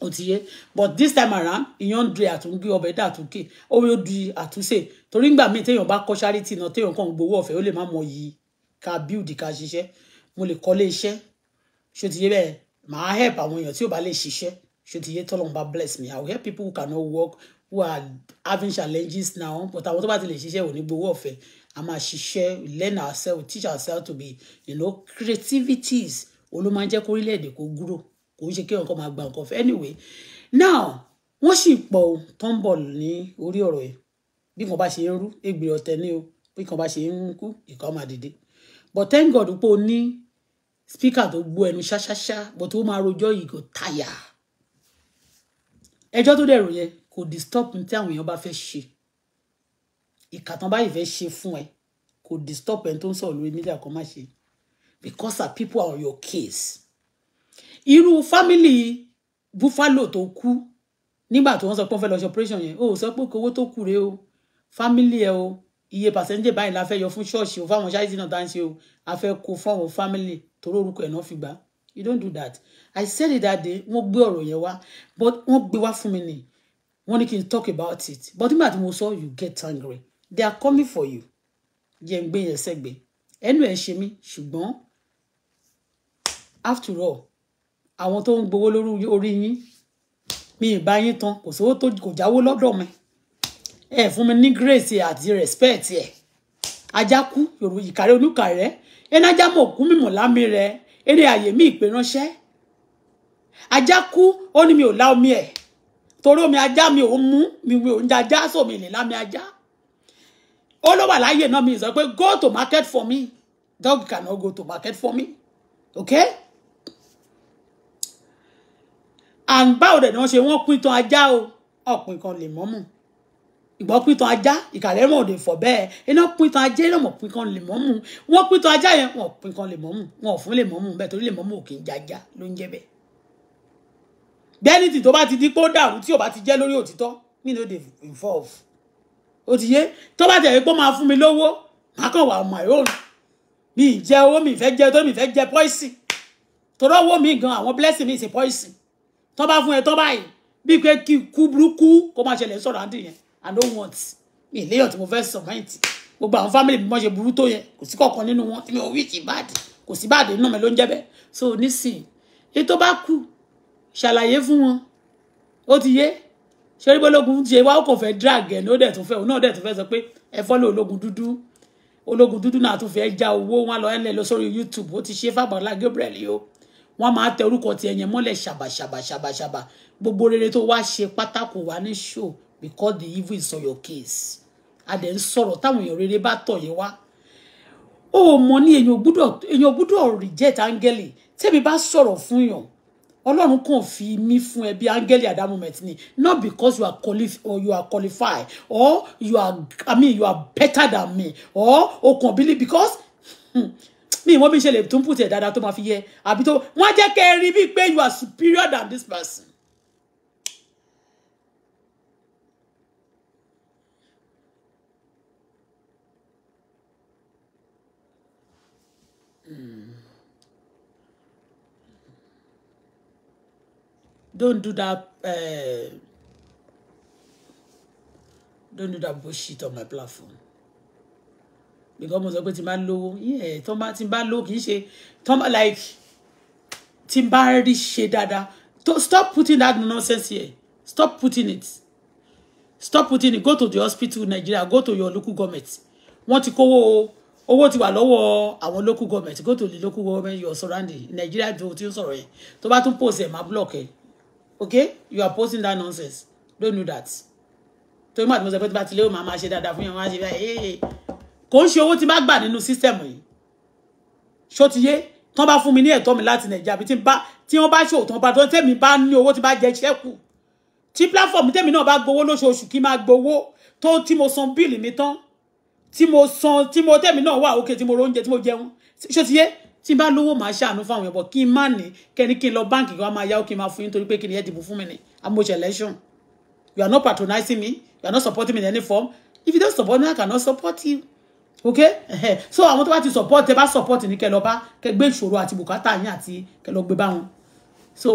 ó ti yé but this time around ìyàn ń di àtúngé ọbẹ̀ dà àtúnkè ó yóò di àtúnṣe torí ńgbà míì téèyàn bá kọ́ charity náà téèyàn kàn gbowó ọ̀fẹ́ ó lè má mọ yìí ká build ká ṣiṣẹ́ mo lè kọ́lé iṣẹ́ ṣó ti yé bẹ́ẹ̀ màá help àwọn èèyàn tí ò bá lè ṣiṣẹ́ ṣó ti yé tọ́lọ́mù bless me I will help people who cannot work who are having challenges now but àwọn tó bá ti lè ṣiṣẹ́ ò ní gbowó ọ̀fẹ́ a máa ṣiṣẹ́ learn ourselves teach ourselves to be you know creativities òun ló máa ń jẹ́ kó orílẹ̀-èdè kó gúrò kò ń ṣe kí ọkọ̀ máa gba nǹkan fẹ́ anyway now wọ́n sì pọ̀ o tó ń bọ̀ ní orí ọ̀rọ̀ yẹn bí kan bá ṣe ń rú ègbè ọ̀tẹ̀ ni o bí kan bá ṣe ń kú ìkan máa dìde but thank God pé o ní speaker tó gbó ẹnu ṣáṣáṣá but ó máa rojọ́ yìí kò tàyà ẹjọ́ tó dẹ̀ rò kò disturb ní tí àwọn èèyàn bá fẹ́ ṣe ìkà tán báyìí fẹ́ ṣe fún ẹ kò disturb ẹni tó ń sọ̀rọ̀ lórí media kan má ṣe because our people are on your case irú family buffalo tó kú nígbà tó wọ́n sọ pé wọ́n fẹ́ lọ ṣe operation yẹn o sọ pé owó tó kù rèé o family ẹ o iye percentage báyìí la fẹ́ yọ fún ṣọ́ọ̀ṣì o fáwọn ṣáìsì náà tá ń ṣe o a fẹ́ kó fún àwọn family torí orúkọ ẹ̀ náà fi gbà you don't do that i said it that day wọ́n gbé ọ̀rọ̀ yẹn wá but wọ́n gbé wá fún mi nìyí wọ́n ní kí n talk about it but nígbà tí mo sọ you get angry they are coming for you jẹ́ ń gbé yẹn sẹ́gbẹ̀ẹ́ ẹnu ẹ̀ ṣe mí ṣùgbọ́n after all àwọn tó ń gbowó lórí orí yín mi ì bá yín tán kò sówó tó kò jáwó lọ́dọ̀ mi ẹ fún mi ní grace àti respect ẹ ajá kú yorùbá ìkàrẹ́ onúkà rẹ ẹni ajá mọ̀ kú mímọ̀ lámì rẹ eré àyè mi ìpè ránṣẹ́ ajá ó ní mi ò lá omi ẹ̀ torí omi ajá mi ò mú mi ò ń jajá sómi ìlẹ̀ lámi ajá ó ló wà láàyè náà mi sọ pé go to market for me dog cannot go to market for me okay and báwo dẹ̀ ni wọ́n ṣe wọ́n pín tan ajá o ọ̀pìn kan lè mọ́mù ìgbọ́ pín tan ajá ìkàlẹ́ ràn òde fọ̀ bẹ́ẹ̀ iná pín tan ajá iná mọ̀ pín kan lè mọ́mù wọ́n pín tan ajá yẹn wọ́n pín kan lè mọ́mù wọ́n ò fún lè mọ́mù bẹ́ẹ̀ torí lè mọ́mù ò kì ló ń jẹ́ bẹ́ẹ̀ bẹ́ẹ̀nìtì tó bá ti di pé ó dàrú tí ò bá ti jẹ́ lórí òtítọ́ mi no dey involve ó ti yé tó bá tẹ̀wé pé ó máa fún mi lówó màá kàn wà ọmọ ìhòòhùn mi ì jẹ owó mi ì fẹ́ jẹ tó mi ì fẹ́ jẹ poison torí owó mi gan àwọn blessing mi ì ṣe poison tó bá fún ẹ tó báyìí bíi pé kí ikú burúkú kó má ṣẹlẹ̀ sọ̀rọ̀ àǹdí yẹn i no want mi ì léyàn tí mo fẹ́ sọ̀mẹ́ǹtì gbogbo àwọn family mi mọ̀ ṣe burú tó yẹn kò sí kọ̀ọ̀kan nínú wọn tí mi ò rí ìbàdí kò sí bàdé nínú mi ló ń jẹ́ bẹ́ẹ̀ so nísìnyí ètò bá kù ṣàlàyé fún wọn ó ti yé ṣeré bọ́lógun ti wá ó kò fẹ́ drag ẹ̀ ní ó dẹ̀ tún fẹ́ òun náà dẹ̀ tún fẹ́ sọ pé ẹ fọ́lọ́ ológun dúdú ológun dúdú náà tún fẹ́ já owó wọn lọ ẹlẹ́ lọ sórí YouTube ó ti ṣe fàgbàlá Gabriel yìí ó wọn máa tẹ orúkọ ti ẹ̀yẹn mọ́lẹ̀ ṣàbàṣàbàṣàbà gbogbo rere tó wá ṣe pátákó wá ní show because the evil is on your case adẹ̀ ń sọ̀rọ̀ táwọn èèyàn rere bá tọ̀ yẹn wá ó mọ ní èèyàn gbúdọ̀ reject angeli tẹ́mi bá sọ̀rọ̀ fún yàn ọlọ́run kàn fi mí fún ẹ bí at that moment ni not because you are qualified or you are qualified or you are i mean you are better than me or o kàn believe because hmm, mi wọ́n bí ṣe lè tún put ẹ̀ dáadáa tó máa fi yẹ àbí tó wọ́n jẹ́ kẹ́ ẹ pé you are superior than this person don't do that. Uh, don't do that bullshit on my platform. Because mo sọ pé tí n yeah, tó bá low, n bá lówó like tí n bá rí ṣe stop putting that nonsense here. Stop putting it. Stop putting it. Go to the hospital Nigeria. Go to your local government. Wọ́n ti kówó owó ti wà lọ́wọ́ àwọn local government. Go to the local government your surrounding. Nigeria Do ti ń sọ̀rọ̀ yẹn. Tó bá post ẹ̀ máa block ẹ̀ okay you are posting that nonsense don't do that torí màtí mo sọ pé tí bá ti lé òun máa máa ṣe dáadáa fún yẹn wọn á ṣe bá ee kò ń ṣe owó tí bá gbà nínú sísẹ̀mù yìí ṣó ti yé tán bá fún mi ní ẹ̀tọ́ mi láti nàìjíríà bí tí wọ́n bá ṣe òtún bá tán tẹ̀mí bá ní owó tí bá jẹ ṣẹ́kù tí platform tẹ̀mí náà bá gbowó lóṣooṣù kí máa gbowó tó tí mo san bíìlì mi tán tí mo san tí mo tẹ̀mí náà wà òkè tí mo ro oúnjẹ tí mo jẹun ṣó tí bá lówó màá ṣàánú fáwọn ẹbọ kí n má ní kẹni kí n lọ báǹkì kí wọn máa yáwó kí n máa fún yín torí pé kí ni ẹ dìbò fún mi ni amóhùn election you are not patronizing me you are not supporting me in any form if you don't support me i cannot support you okay so àwọn tó bá ti support ẹ bá support ní kẹlọ bá kẹgbẹ ìṣòro àti bùkátà yín àti kẹlọ gbé bá wọn so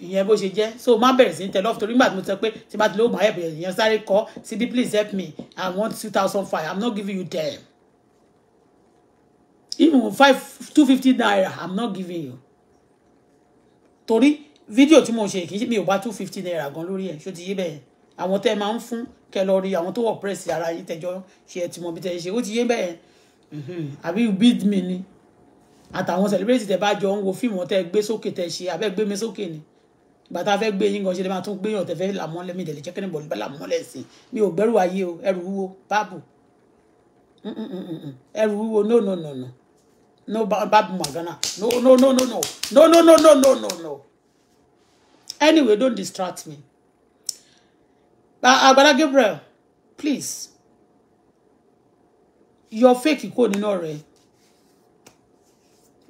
ìyẹn bó ṣe jẹ́ so má bẹ̀rẹ̀ sí ní tẹ̀lé torí nígbà tí mo sọ pé tí bá ti lówó màá yẹ̀ bẹ̀rẹ̀ ìyẹn sáré kọ́ síbi please help me i want two thousand five i'm not giving you them even five two fifty naira i'm not giving you torí fídíò tí mo ṣe kì í ṣe mi ò bá two fifty naira gan lórí ẹ̀ ṣó ti yé bẹ́ẹ̀ àwọn tẹ́ ẹ máa ń fún kẹ lọ rí àwọn tó wọ̀ pírẹ́sì ara yín tẹjọ́ ṣe ẹ̀ tí mo bí tẹ́ ẹ ṣe ó ti yé bẹ́ẹ̀ àbí bid mi ni àtàwọn celebrity tẹ́ bá jọ ń wo fíìmù tẹ́ gbé sókè tẹ́ ṣe abẹ́ gbé mi sókè ni bàtà fẹ́ gbé yín gan ṣe lè máa tún gbé yàn tẹ́ fẹ́ làmọ́lẹ́ mi ìdẹ̀lẹ̀ jẹ́kẹ́ni bọ̀ làmọ́lẹ́ sí mi ò gbẹ́rù ayé o ẹrù wúwo báàbù ẹrù wúwo no no no no No Babu Magana. No, no, no, no, no. No, no, no, no, no, no, no. Anyway, don't distract me. Uh, Agbala Gabriel, please. Your fake kò nínú ọ̀rẹ́.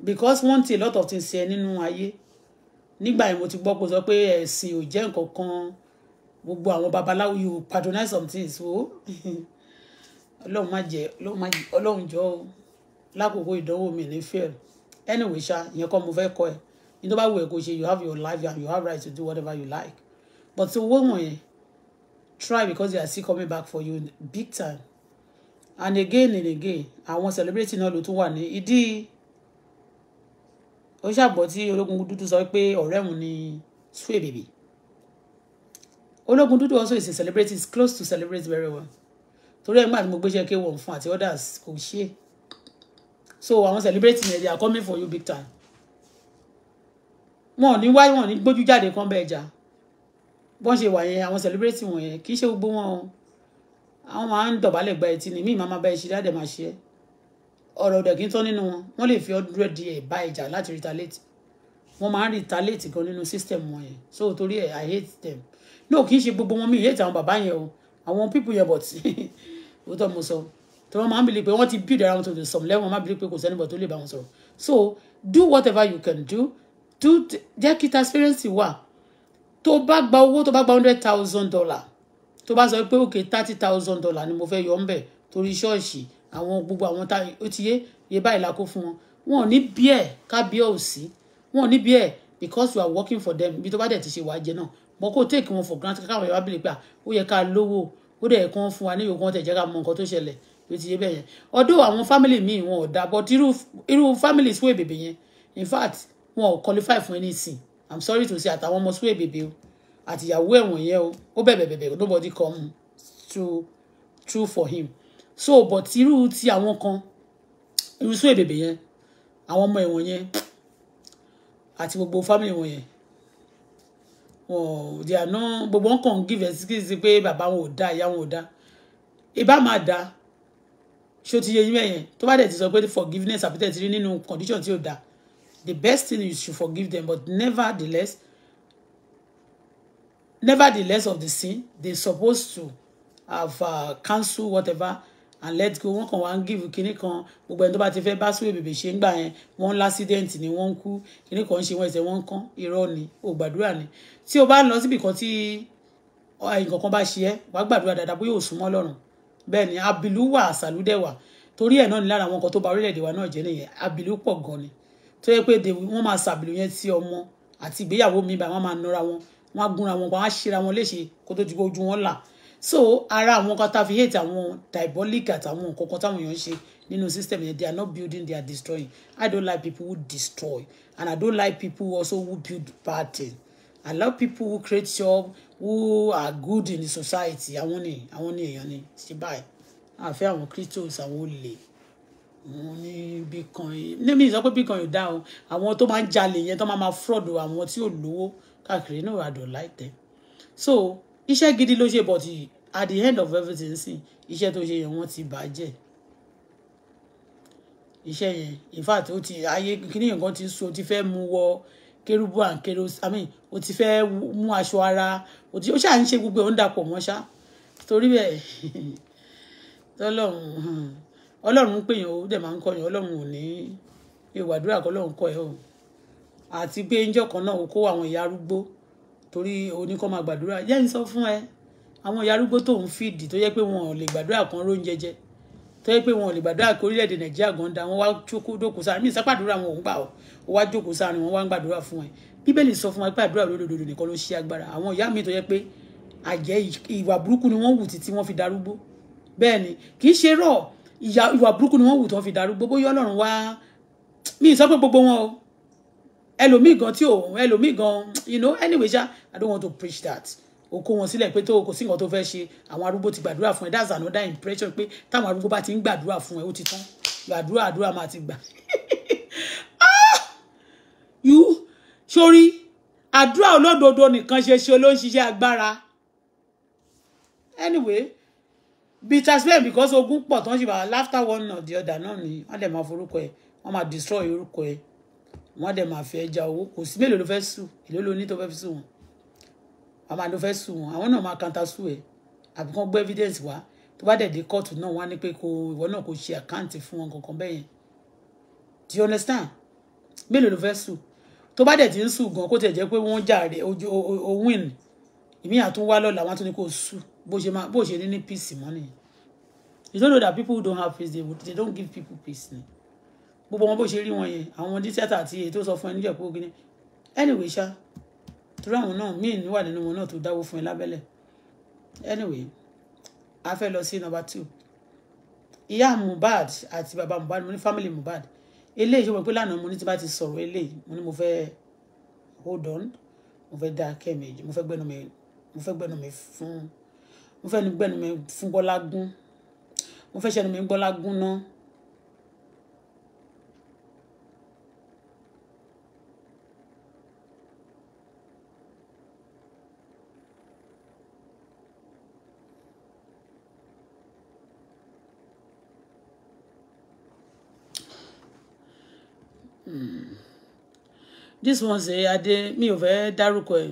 Because one thing, a lot of things ṣe nínú ayé. Nígbà yẹn mo ti gbọ́ pé sọ pé ẹ̀sìn ò jẹ́ nǹkan kan gbogbo àwọn babaláwo you patronize some things o. Ọlọ́run má jẹ́ Ọlọ́run jọ̀ọ́ o lákòókò ìdánwò mi ní fear anyway ṣá ìyẹn kọ́ mo fẹ́ kọ́ ẹ ní tó bá wù ẹ́ kó ṣe you have your life and you have right to do whatever you like but so owó wọ̀nyẹn try because they are still coming back for you big time and again and again àwọn celebrity náà ló tún wà ní ìdí ó ṣàgbọ́ tí ológun dúdú sọ pé ọ̀rẹ́ òun ni sway baby ológun dúdú also is a celebrity is close to celebrate very well torí ẹ̀ ń gbà tí mo gbéṣẹ́ k1 fún àti others kò ṣe é so àwọn celebrating yẹn they are coming for you big time wọn ò ní wáyé wọn ò ní gbójú jáde kán bẹ́ẹ̀ jà bọ́n ṣe wà yẹn àwọn celebrating wọn yẹn kì í ṣe gbogbo wọn o àwọn máa ń dọ̀bálẹ̀ gba ẹtì ni míì máa máa bá ẹ ṣe dáadẹ́ máa ṣe ẹ́ ọ̀rọ̀ ọ̀dẹ̀ kí n tán nínú wọn wọ́n lè fi ọdúnrẹ́ di ẹ̀ bá ìjà láti retaliate wọ́n máa ń retaliate gan nínú system wọn yẹn so torí ẹ̀ I hate them no kì í ṣe gbogbo wọn mi hate àwọn bàbá yẹn o àwọn people yẹn but òótọ́ mo sọ. So tí wọ́n máa ń bìlí pé wọ́n ti build around to the some level wọ́n máa bìlí pé kò sẹ́nìbọ̀ tó lè bá wọn sọ̀rọ̀ so do whatever you can do do jẹ́ kí transparency wà tó bá gba owó tó bá gba hundred thousand dollar tó bá sọ pé òkè thirty thousand dollar ni mo fẹ́ yọ ńbẹ̀ torí ṣọ́ọ̀ṣì àwọn gbogbo àwọn tá ó ti yé yé báyìí la kó fún wọn wọn ò ní bí ẹ̀ ká bí ẹ̀ sí wọn ò ní bí ẹ̀ because you are working for them bí tó bá dẹ̀ ti ṣe wàá jẹ náà mo kò take wọn for granted káwọn ẹ̀ wá bìlì pé ah, ó yẹ ká lówó ó dẹ̀ kàn fún wa ní ìyókù wọn tẹ̀ jẹ́ ká mọ nǹkan tó ṣẹlẹ̀ ló ti yé bẹ́ẹ̀ yẹn ọdún àwọn family míì wọn ò dá but irú irú family wey bèbè yẹn in fact wọn ò qualify fún anything i'm sorry to say àtàwọn ọmọ sùwé bèbè o àtìyàwó ẹ̀wọ̀n yẹn o ó bẹ̀bẹ̀ bẹ̀bẹ̀ nobody come true true for him so but irú ti àwọn kan irú sùwé bèbè yẹn àwọn ọmọ ẹ̀wọ̀n yẹn àti gbogbo family wọn yẹn wọn ò díà náà gbogbo wọn kàn ń give excuse pé bàbá wọn ò dá ìyá wọn ò dá ìbá máa dá ṣó ti yẹ yín mẹ́yẹn tó bá dẹ̀ ti sọ pé forgiveness àbítẹ̀ ti rí nínú condition tí ò dáa the best thing is to forgive them but nevertheless nevertheless of the sin they supposed to have uh, cancel whatever and let go wọn kàn wá ń give kinní kan gbogbo ẹni tó bá ti fẹ́ bá sùwé bèbè ṣe ń gbà yẹn wọ́n ń lásídẹ́ǹt ni wọ́n ń kú kinní kan ṣe wọ́n ẹsẹ̀ wọ́n ń kán irọ́ ni o gbàdúrà ni tí o bá lọ síbì kan tí uh, nǹkan kan bá ṣe ẹ́ wàá gbàdúrà dáadáa bóyá ò súnmọ́ lọ́rùn bẹ́ẹ̀ ni abilu wà àṣàlùdẹ torí ẹ̀ náà ni lára àwọn nǹkan tó ba orílẹ̀-èdè wa náà jẹ́ nìyẹn abilu pọ̀ gan ni tó yẹ pé wọ́n máa ṣàbìlú yẹn sí ọmọ àti ìgbéyàwó mi bá wọn máa nọra wọn wọn á gúnra wọn pa wọn á ṣera wọn léṣe kó tó ju ojú wọn là so ara àwọn kan tá a fi hate àwọn diabolic àtàwọn nǹkan kan táwọn èèyàn ń ṣe nínú system yẹn they are not building they are destroying i don't like people who destroy and i don't like people also who build bad things i love people who create jobs who are good in the society àwọn ni àwọn ni èèyàn ni ṣe báyìí àfẹ́ àwọn christos àwọn olè wọn ní bitcoin níbi ìsọ pé bitcoin ò dá o àwọn tó máa ń jalè yẹn tó máa máa fraud àwọn tí ò lówó káàkiri náà I don't like them so iṣẹ́ gidi ló ṣe but at the end of everything sin iṣẹ́ tó ṣe yẹn wọ́n ti bàjẹ́ iṣẹ́ yẹn in fact ó ti ayé kíní yẹn kan ti sùn ó ti fẹ́ mú wọ kérúbù and kérúsì i mean o ti fẹ́ mú aṣọ ara o ti o ṣáà ń ṣe gbogbo ẹ̀ ó ń dàpọ̀ mọ́ ṣá torí bẹ́ẹ̀ ọlọ́run ọlọ́run ń pèyàn ó dẹ̀ máa ń kọyàn ọlọ́run ò ní ìwàdúrà kọ́ ọlọ́run kọ́ ẹ o àti pé ńjọ́ kan náà o kó àwọn ìyá arúgbó torí oníkọ́ máa gbàdúrà jẹ́ ń sọ fún ẹ àwọn ìyá arúgbó tó ń fìdí tó yẹ pé wọn ò lè gbàdúrà kan róúnjẹ jẹ tó yẹ pé wọn ò lè gbàdúrà kí orílẹ̀-èdè nàìjíríà gan da wọn wá jókòó dókòó sáà mí sápàdúrà wọn ò ń gbà ọ ó wá jókòó sáà ni wọn wá ń gbàdúrà fún ẹ bíbélì sọ fún wa pé àdúrà olódodo nìkan ló ṣe agbára àwọn ìyá mi tó yẹ pé àjẹ́ ìwà burúkú ni wọ́n wù títí wọ́n fi darúgbó bẹ́ẹ̀ ni kì í ṣe rọ ìwà burúkú ni wọ́n wù tó fi darúgbó bóyá ọlọ́run wá mi sọ pé gbogbo wọn ẹlòmíì gan tí ò ẹlòmíì gan you know anyway ṣá i don't want to preach that o kó wọn sílẹ̀ pé tó o kò sí nǹkan tó fẹ́ ṣe àwọn arúgbó ti gbàdúrà fún ẹ that's another impression pé táwọn arúgbó bá ti ń gbàdúrà fún ẹ ó ti tán gbàdúrà àdúrà máa ti gbà ah! yú sórí àdúrà olódodo nìkan ṣe ló ń ṣiṣẹ́ agbára anyway bitter smell because ogun pọ̀ tán ṣì bá laughter one or the other náà ni wọ́n dẹ̀ máa forúkọ ẹ̀ wọ́n máa destroy orúkọ ẹ̀ wọ́n dẹ̀ máa fi ẹja owó kò sí mélòó ló fẹ́ sùn èló ló ní tó fẹ́ sùn wọn àwọn máa ló fẹ́ sùn wọn àwọn náà máa kanta sùn ẹ̀ àbí kán gbé evidence wá tó bá dẹ̀ dé kóòtù náà wọ́n á ní pé kó ìwọ náà kó ṣe àkáǹtì fún wọn kankan bẹ́ẹ̀ yẹn do you understand mélòó ló fẹ́ sùn tó bá dẹ̀ ti ń sùn gan kó tẹ̀ jẹ́ pé wọ́n jàre owó ìní ìmí àtún wá lọ́la wọn tún ní kó sùn bó ṣe máa bó ṣe ní ní peace mọ́ you don't know that people who don't have peace they, they don't give people peace ni gbogbo wọn bó ṣe rí wọn yẹn àwọn dísẹ́tà àti èyí tó sọ fún ẹni jẹ́ pé gbin anyway ṣáá torí àwọn náà míì wà nínú wọn náà tó dáwó fún ẹ lábẹ́lẹ̀ anyway a fẹ́ lọ sí number two ìyá Mohbad àti bàbá Mohbad mo ní family Mohbad eléyìí ṣe wọ́n pé lánàá mo ní tí bá ti sọ̀rọ̀ eléyìí mo ní mo fẹ́ hold on mo fẹ́ dá kẹ́ẹ̀mejì mo fẹ́ gbẹ́nu mi mo fẹ́ gbẹ́nu mi fún mo fẹ́ gbẹ́nu mi fún gbọ́lágún mo fẹ́ ṣẹ́nu gbọ́lágún náà this one say adé mi ò fẹ́ dárúkọ ẹ̀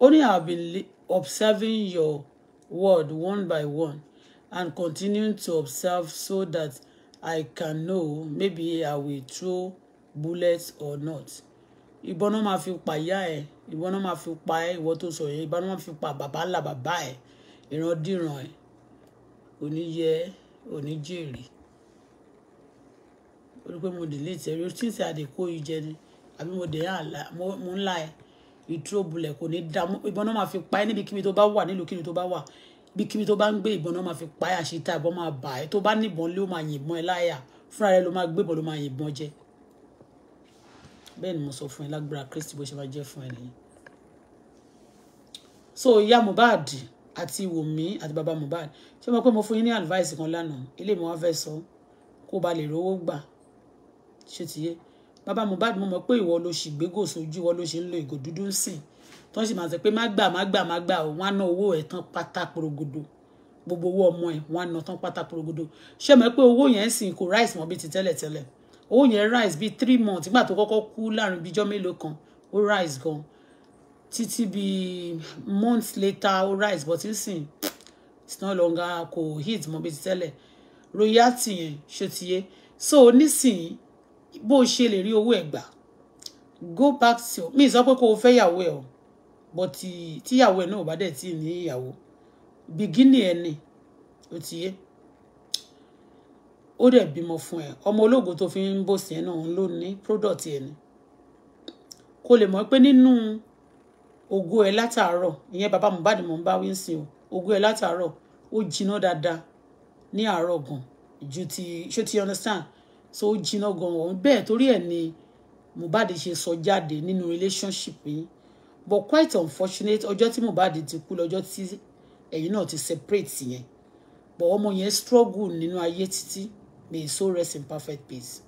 ó i have been observing your word one by one and continuing to observe so that i can know maybe i will throw bullets or not ìbọn no ma fi pa ìyá ẹ ìbọn náà máa fi pa ẹ ìwọ tó sọ yẹn ìbọn náà máa fi pa bàbá ńlá bàbá ẹ ìrandíran ẹ Oni ye. Oni jèrè orí pé mo delete ẹ routine ṣe àdèkó yìí jẹ ni àbí mo dẹ̀ yàn mo ń la ẹ ìdúró bulẹ̀ kò ní dá ìbọn náà máa fi pa ẹ́ níbi kíbi tó bá wà nílùú kíbi tó bá wà bí kíbi tó bá ń gbé ìbọn náà máa fi pa ẹ́ àṣetá ìbọn máa bà ẹ́ tó bá níbọn lé ó máa yìnbọn ẹ láyà fúnra rẹ ló máa gbébọn ló máa yìnbọn jẹ bẹ́ẹ̀ ni mo sọ fún ẹ lágbára Kristi bó ṣe máa jẹ́ fún ẹ nìyẹn so ìyá Mohbad àti Wùmí àti bàbá Mohbad ṣé mo pé mo fún yín ní advice kan lánàá ilé mi wá fẹ́ sọ kó ba lè rówó gbà ṣe ti yé bàbá Mohbad mo mọ̀ pé ìwọ ló ṣì gbégò sójú ìwọ ló ṣe ń lo ìgò dúdú sìn tó ń sì máa sọ pé má gbà má gbà má gbà ó wọn á ná owó ẹ̀ tán pátá porogodo gbogbo owó ọmọ ẹ̀ wọn á ná tán pátá porogodo ṣé mọ̀ pé owó yẹn sì kò rise mọ́ bíi ti tẹ́lẹ̀tẹ́lẹ̀ owó yẹn rise bíi three months nígbà tó kọ́kọ́ kú láàrin bíi ijọ́ mélòó kan ó rise gan títí bíi months later ó rice but ń sìn it's no longer kò heat mọ́ bíi ti tẹ́lẹ̀ royalty yẹn ṣe ti so nísìnyí bó o ṣe lè rí owó ẹ̀ go back to mi sọ pé kó o fẹ́ yàwó ẹ̀ o but tíyàwó ẹ̀ náà ò bá dẹ̀ tí ì ní ìyàwó bìgínì ẹ̀ ni ó ti yé ó dẹ̀ bímọ fún ẹ ọmọ ológo tó fi ń bò sí ẹ náà ló ní product ẹ ni kó lè mọ̀ pé nínú ògo ẹ látàárọ̀ ìyẹn bàbá Mohbad mò ń bá wí sí o ògo ẹ látàárọ̀ ó jiná dáadáa ní àárọ̀ gan ju ti ṣó ti understand so ó jiná gan òun bẹ́ẹ̀ torí ẹ̀ ni Mohbad ṣe sọ jáde nínú relationship yìí but quite unfortunate ọjọ́ tí Mohbad ti kú lọ́jọ́ tí ẹ̀yin náà ti separate yẹn but ọmọ yẹn struggle nínú ayé títí may so rest in perfect peace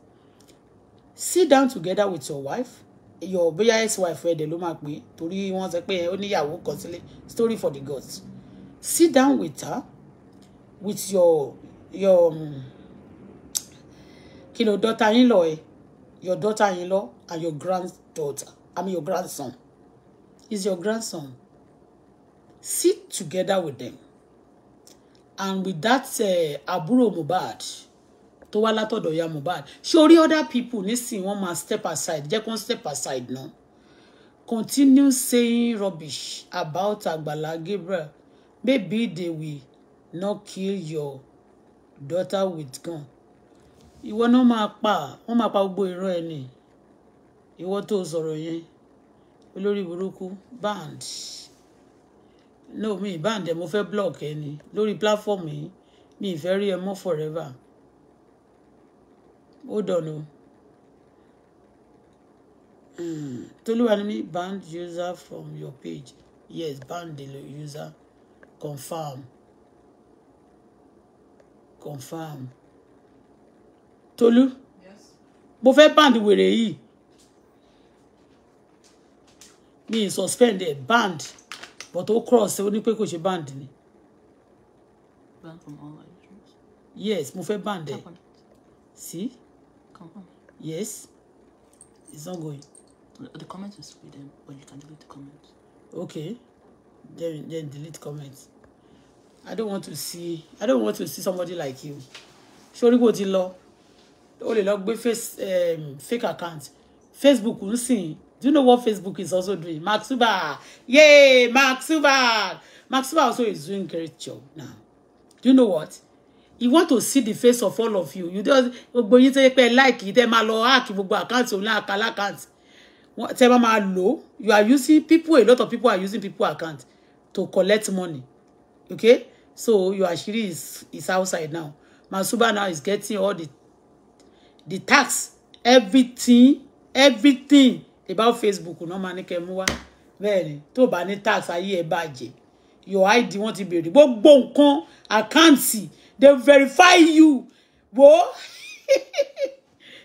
sit down together with your wife your bóyá ex-wife ẹ̀ dẹ̀ ló máa pè é torí wọ́n sọ pé ó níyàwó kan sílé story for the gods sit down with her with your your. Um, kí ló daughter in law ẹ your daughter in law and your granddaughter i mean your grandson is your grandson sit together with them and with that uh, àbúrò Mohbad tó wá látọ̀dọ̀ ya Mohbad ṣé orí other people nísìnyí wọ́n máa step aside jẹ́ kó step aside náà. No? continue saying rubbish about Agbala Gabriel. Maybe they will not kill your daughter with gun ìwọ náà máa pa wọ́n máa pa gbogbo irọ́ ẹ nì ìwọ tó sọ̀rọ̀ yẹn olórí burúkú band no mi band ẹ mo fẹ́ block ẹ ni lórí platform yìí mi ì fẹ́ rí ẹ mọ́ forever ó dọ̀nà tolúwanimi banned user from your page yes ban the user confirm confirm. Tolú mo fẹ́ band wèrè yìí mi ì suspend ẹ̀ band but ó cross ó ní pé kò ṣe band ni. Ban from all Nigerians. yes mo fẹ́ band ẹ̀ see yes it's not going. The comments is with them, but you can delete the comments. Okay. Then then delete comments. I don't want to see I don't want to see somebody like you. Ṣorí what ti lọ o lè lọ gbé fake account Facebook ń sìn do you know what Facebook is also doing Mark Zuckerberg yay Mark Zuckerberg Mark Zuckerberg also is doing great job now do you know what you want to see the face of all of you you just gbogbo yín tẹ́ pẹ́ láìkì tẹ́ máa lọ hack gbogbo account òun náà kala account tẹ́ bá máa lò you are using people a lot of people are using people account to collect money okay so your àṣírí is is outside now Masuba now is getting all the the tax everything everything about Facebook náà máa ní kẹ́ mú wá bẹ́ẹ̀ ni tó bá tax aye ẹ̀ bàjẹ́ your id wọ́n ti béèrè gbogbo nǹkan àkáǹtì they verify you wo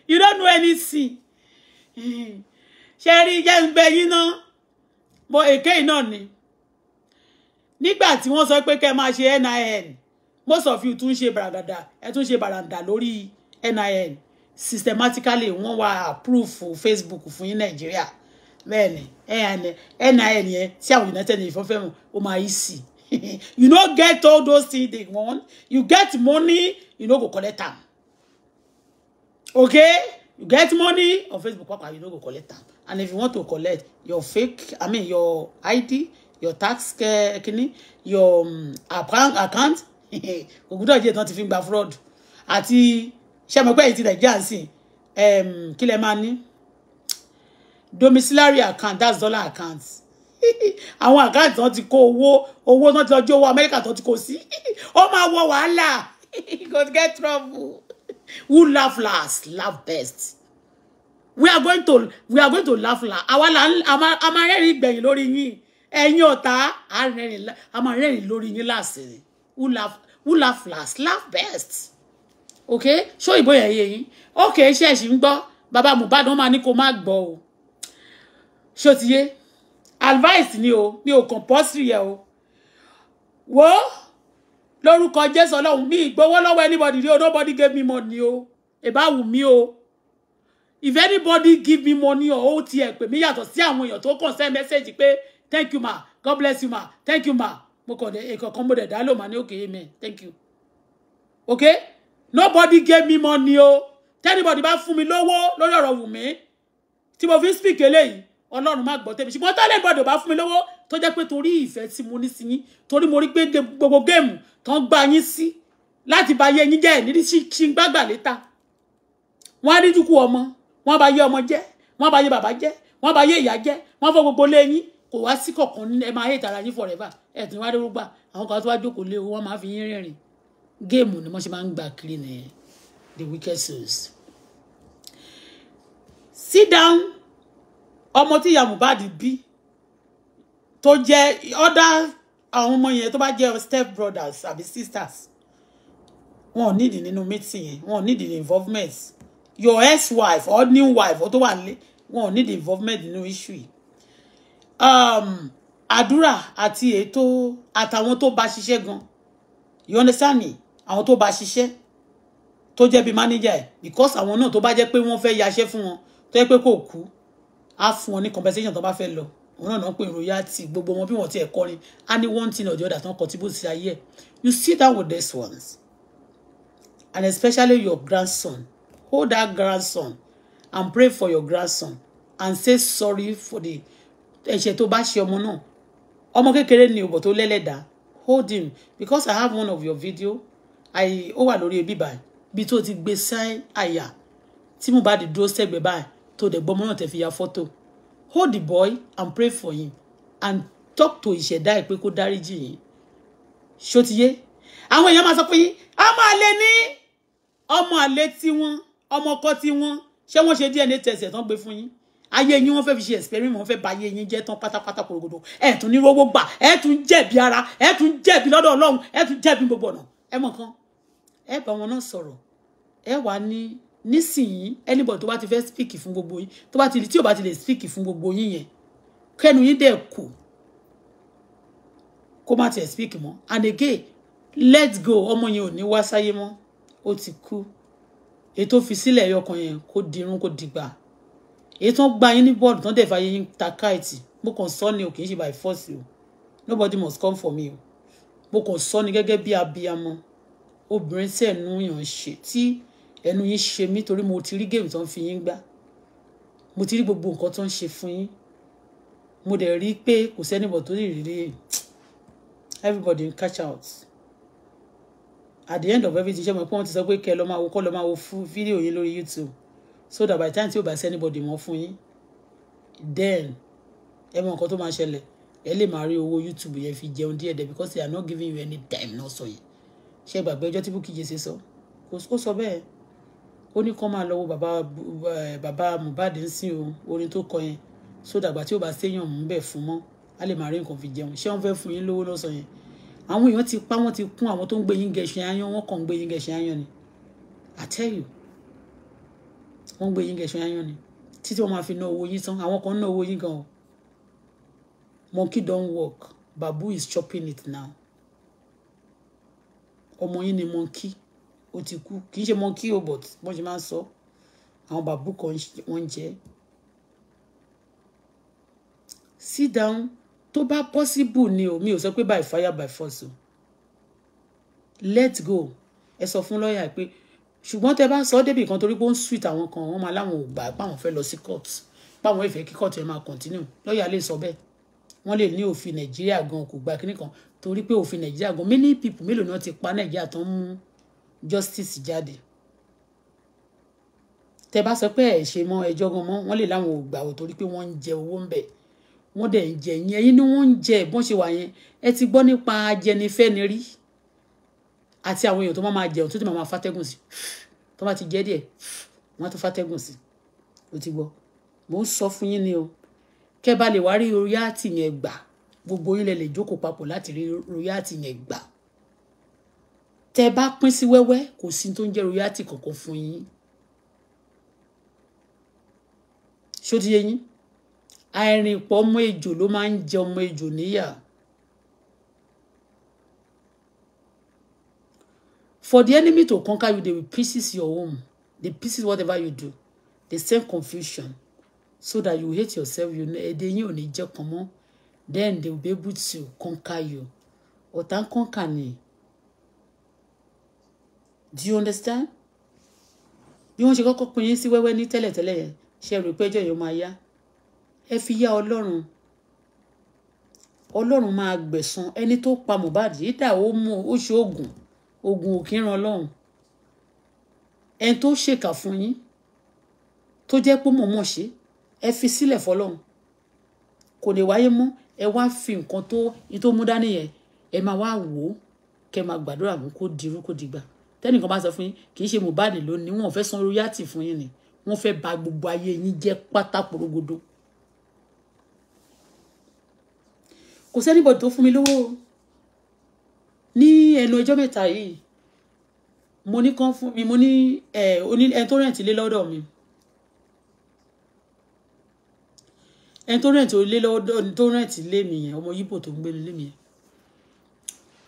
you don't know anything ṣe rí jẹ́ ń bẹ yín náà bọ èké náà ni nígbà tí wọ́n sọ pé kẹ́ máa ṣe NIN most of you tún ṣe bàràgàdà ẹ tún ṣe bàràǹdà lórí NIN systematically wọ́n wá approve Facebook Nigeria. fún yín Nàìjíríà bẹ́ẹ̀ ni NIN yẹn tí àwọn United Nations fẹ́ mọ̀ ó máa yí sí you no get all those things they want you get money you no go collect am okay you get money on Facebook papa you no go collect am and if you want to collect your fake I mean your ID your tax eh, kini your um, account ogudoje tán ti fi gba fraud àti ṣe mọ̀ pé èyí ti nàìjíríà ń sìn kí lẹ máa ní domiciliary account that's dollar account àwọn account tó ti kó owó owó tó ti lọ jó owó amẹ́ríkà tó ti kó sí ó máa wọ wàhálà go get trouble who laugh last laugh best we are going to we are going to laugh la àwa là ń a máa rẹ́rìn gbẹ̀yìn lórí yín ẹ̀yin ọ̀tá a máa rẹ́rìn lórí yín láàsì who laugh who laugh last laugh best okay ṣó ìbò yẹn yẹ yín okay ṣe ẹ̀ṣì ń gbọ́ bàbá Mohbad wọn máa ní kó má gbọ́ o ṣó ti yé advice ni o mi ò compulsory yẹ o wo lórúkọ Jésù Ọlọ́run mi ìgbowó lọ́wọ́ anybody rí o nobody gave me money o ìbáwù mi o if anybody give me money or ó tiẹ̀ pè mí yàtọ̀ sí àwọn èèyàn tó kàn send message pé thank you ma god bless you ma thank you ma mo kàn dé èkó kan mo dẹ̀ dá lò mà ní òkè amen thank you okay nobody gave me money o tẹ́nibọ̀dì bá fún mi lówó lórí ọ̀rọ̀ Wùmí tí mo fi ń speak eléyìí ọlọ́run má gbọ́ tèmi ṣùgbọ́n tẹ́nibọ̀dì bá fún mi lówó tó jẹ́ pé torí ìfẹ́ tí mo ní sí yín torí mo rí pé gbogbo game. tó ń gba yín sí láti ba yé yín jẹ́ ẹ̀ nídìí ṣí ń gbàgbà léta wọ́n á dídúkú ọmọ wọ́n á ba yé ọmọ jẹ́ wọ́n á ba yé bàbá jẹ́ wọ́n á ba yé ìyá jẹ́ wọ́n á fọ gbogbo lé yín kò wá sí kọ̀ọ̀kan ẹ máa yé ìtara yín forever ẹ̀ tí wọ́n á dé rúgbà kan tó wá jókòó lé o wọ́n máa fi yín rìnrìn géèmù ni wọ́n ṣe máa ń gbà kiri nìyẹn the wicked souls. sit down ọmọ tí ìyá Mohbad bí tó jẹ́ other àwọn ọmọ yẹn tó bá jẹ́ step brothers àbí sisters wọn ò nídìí nínú meeting yẹn wọn ò nídìí involvement your ex wife or new wife or tó wà nílé wọn ò nídìí involvement nínú issue yìí um, àdúrà àti ètò àtàwọn tó bá ṣiṣẹ́ gan you understand me àwọn tó bá ṣiṣẹ́ tó jẹ́ bíi mánéjà ẹ̀ because àwọn náà tó bá jẹ́ pé wọ́n fẹ́ yaṣẹ́ fún wọn tó jẹ́ pé kò kú á fún wọn ní compensation tó bá fẹ́ lọ òun náà náà pé royalty gbogbo wọn bí wọn ti ẹ̀ kọrin á ní one thing or the other tán contribute sí ayé ẹ̀ you sit down with these ones and especially your grandson hold that grandson and pray for your grandson and say sorry for the ẹ̀ṣẹ̀ tó bá ṣe ọmọ náà ọmọ kékeré ni òbò tó lẹ́lẹ́dàá hold him because I have one of your video ó wà lórí ebí báyìí bí tó ti gbé sáì àyà tí mo bá di dúró sẹ́gbẹ̀ẹ́ báyìí tó dẹ̀ gbọ́ mọ́nà tẹ̀ fi ya fọ́tò hold the boy and pray for him and talk to ìṣẹ̀dá ẹ̀ pé kó dáríjì yìí ṣó ti yé àwọn èèyàn máa sọ pé ọmọ àlè ní ọmọ àlè tiwọn ọmọ ọkọ tiwọn ṣé wọ́n ṣe DNA test ẹ̀ tán gbé fún yín ayé yín wọ́n fẹ́ fi ṣe experiment wọ́n fẹ́ ba ayé yín jẹ́ tán pátápátá kòrògòdò ẹ tún ní rówó gbà ẹ tún jẹ̀bi ara ẹ tún jẹ̀bi lọ́dọ̀ Ọlọ́run ẹ tún jẹ̀bi gbogbo ọ̀nà ẹ mọ̀ kan ẹ bá wọn náà sọ̀rọ̀ ẹ wà ní nísìnyí anybody tó bá ti fẹ́ speak fún gbogbo yín tó bá ti tí ò bá ti lè speak fún gbogbo yín yẹn kẹnu yín dẹ̀ kù kó má tiẹ̀ speak mọ́ and again let go ọmọ yẹn ò ní wá sáyé mọ́ ó ti kú ètò fi sílẹ̀ ẹyọkan yẹn kó dirun kó dìgbà ètò gba yín ní bọ́ọ̀dù tán dẹ̀ fà yín ta káìtì mo kàn sọ ni o kì í ṣe by force o nobody must come for me o mo kàn sọ ni gẹ́gẹ́ bí abiyamọ obìnrin tí ẹnu yàn ṣe tí ẹnu yín ṣe mí torí mo ti rí géèmù tó ń fi yín gbá mo ti rí gbogbo nǹkan tó ń ṣe fún yín mo dẹ̀ rí pé kò sẹ́nìbọ̀ tó lè rí rí everybody n catch out at the end of everything ṣe mọ̀ pé wọ́n ti sọ pé kẹ́ ẹ lọ máa wo kọ́ lọ máa wo fún fídíò yín lórí YouTube so that by the time tí ò bá sẹ́nìbọ̀dì mọ́ fún yín then ẹ mọ nǹkan tó máa ṣẹlẹ̀ ẹ lè máa rí owó YouTube yẹn fi jẹun díẹ̀ dẹ̀ because they are not giving you any time náà sọ yìí ṣe gbàgbé ọjọ́ tí Bukky Jesse sọ kò sọ bẹ́ẹ̀ ó ní kán máa lọ wo bàbá Mohbad ń sìn o orin tó kọ yẹn sódàgbà tí ó bá séyàn mú bẹ́ẹ̀ fún mọ́ á lè máa rí nǹkan fi jẹun ṣé wọ́n fẹ́ fún yín lówó lọ́sàn yẹn àwọn èèyàn ti pa wọ́n ti kún àwọn tó ń gbé yín gẹ̀ṣẹ̀ ayan wọ́n kàn ń gbé yín gẹ̀ṣẹ̀ ayan ni I tell you wọ́n ń gbé yín gẹ̀ṣẹ̀ ayan ni títí wọ́n máa fi ná owó yín tán àwọn kan ná owó yín gan o monkey don work babu is chopping it now ọmọ yín ni monkey ó ti kú kì í ṣe monkey o but bọ́n ṣe máa ń sọ àwọn bàbú kan wọ́n ń jẹ sit down tó bá possible ni o mi ò sọ pé by fire by force o let go ẹ sọ fún lọ́ọ̀yà pé ṣùgbọ́n tẹ bá sọ ọ́ débì kan torí pé ó ń sweet àwọn kan wọ́n máa láwọn ò gbà páwọn fẹ́ lọ sí court páwọn ìfẹ́ kí court ẹ máa continue lọ́ọ̀yà lè sọ bẹ́ẹ̀ wọ́n lè ní òfin nàìjíríà gan kò gba kínní kan torí pé òfin nàìjíríà gan many people mélòó náà ti pa nàìjíríà tó ń mú justice jáde tẹ bá sọ pé ẹ ṣe mọ ẹjọ́ gan mọ wọn lè láwọn ò gbà wò torí pé wọ́n ń jẹ owó ń bẹ wọ́n dẹ̀ ń jẹ yín ẹ̀yin ni wọ́n ń jẹ bọ́n ṣe wà yẹn ẹ ti gbọ́ nípa ajẹnifẹ́ni rí àti àwọn èèyàn tó máa jẹun tó máa fàtẹ́gùn sí tó bá ti jẹ́ díẹ̀ wọ́n á tún fàtẹ́gùn sí ó ti gbọ́ mò ń sọ fún yín ni o kẹ́ bá lè wá orí àtìyẹn gbà gbogbo yín lè jókòó papọ̀ láti rí royalty yẹn gbà tẹ bá pín sí wẹ́wẹ́ kò sí tó ń jẹ́ royalty kankan fún yín ṣó ti yín àìrìnpọ̀ ọmọ ejò ló máa ń jẹ ọmọ ejò níyà. For the enemy to conquer you, they will pieces your home. They pieces whatever you do. They send confusion so that you hate yourself. You ẹdẹ yín ò ní jẹ́ kan mọ́ then they will be able to conquer you ọ̀tá ń conquer ni do you understand bí wọ́n ṣe kọ́kọ́ pín yín sí wẹ́wẹ́ ní tẹ́lẹ̀tẹ́lẹ̀ yẹn ṣe rò pé ẹjọ́ yẹn máa yá ẹ fi yá ọlọ́run ọlọ́run máa gbẹ̀san ẹni tó pa Mohbad yìí dà ó mú ó ṣe oògùn oògùn ò kí ń ran ọlọ́run ẹni tó ṣèkà fún yín tó jẹ́ pé mọ̀ọ́mọ̀ ṣe ẹ fi sílẹ̀ fọlọ́run kò lè wáyé mọ́ ẹ wá fi nǹkan tó tó mú dání yẹn ẹ máa wá wò ó kẹ máa gbàdúrà mú kó dirú kó dìgbà tẹ́nìkan bá sọ fún yín kì í ṣe Mohbad ló ní wọ́n fẹ́ san royalty fún yín ni wọ́n fẹ́ bà gbogbo ayé yín jẹ́ pátá porogodo kò sẹ́nìbọ̀dì tó fún mi lówó ní ẹnu ọjọ́ mẹ́ta yìí mo ní kán fún mi mo ní ẹ oní ẹ tó rẹ̀ǹtì lé lọ́dọ̀ mi ẹni tó rẹ̀ǹtì ilé lọ́wọ́ tó rẹ̀ǹtì ilé mi yẹn ọmọ yíbò tó ń gbé ilé mi yẹn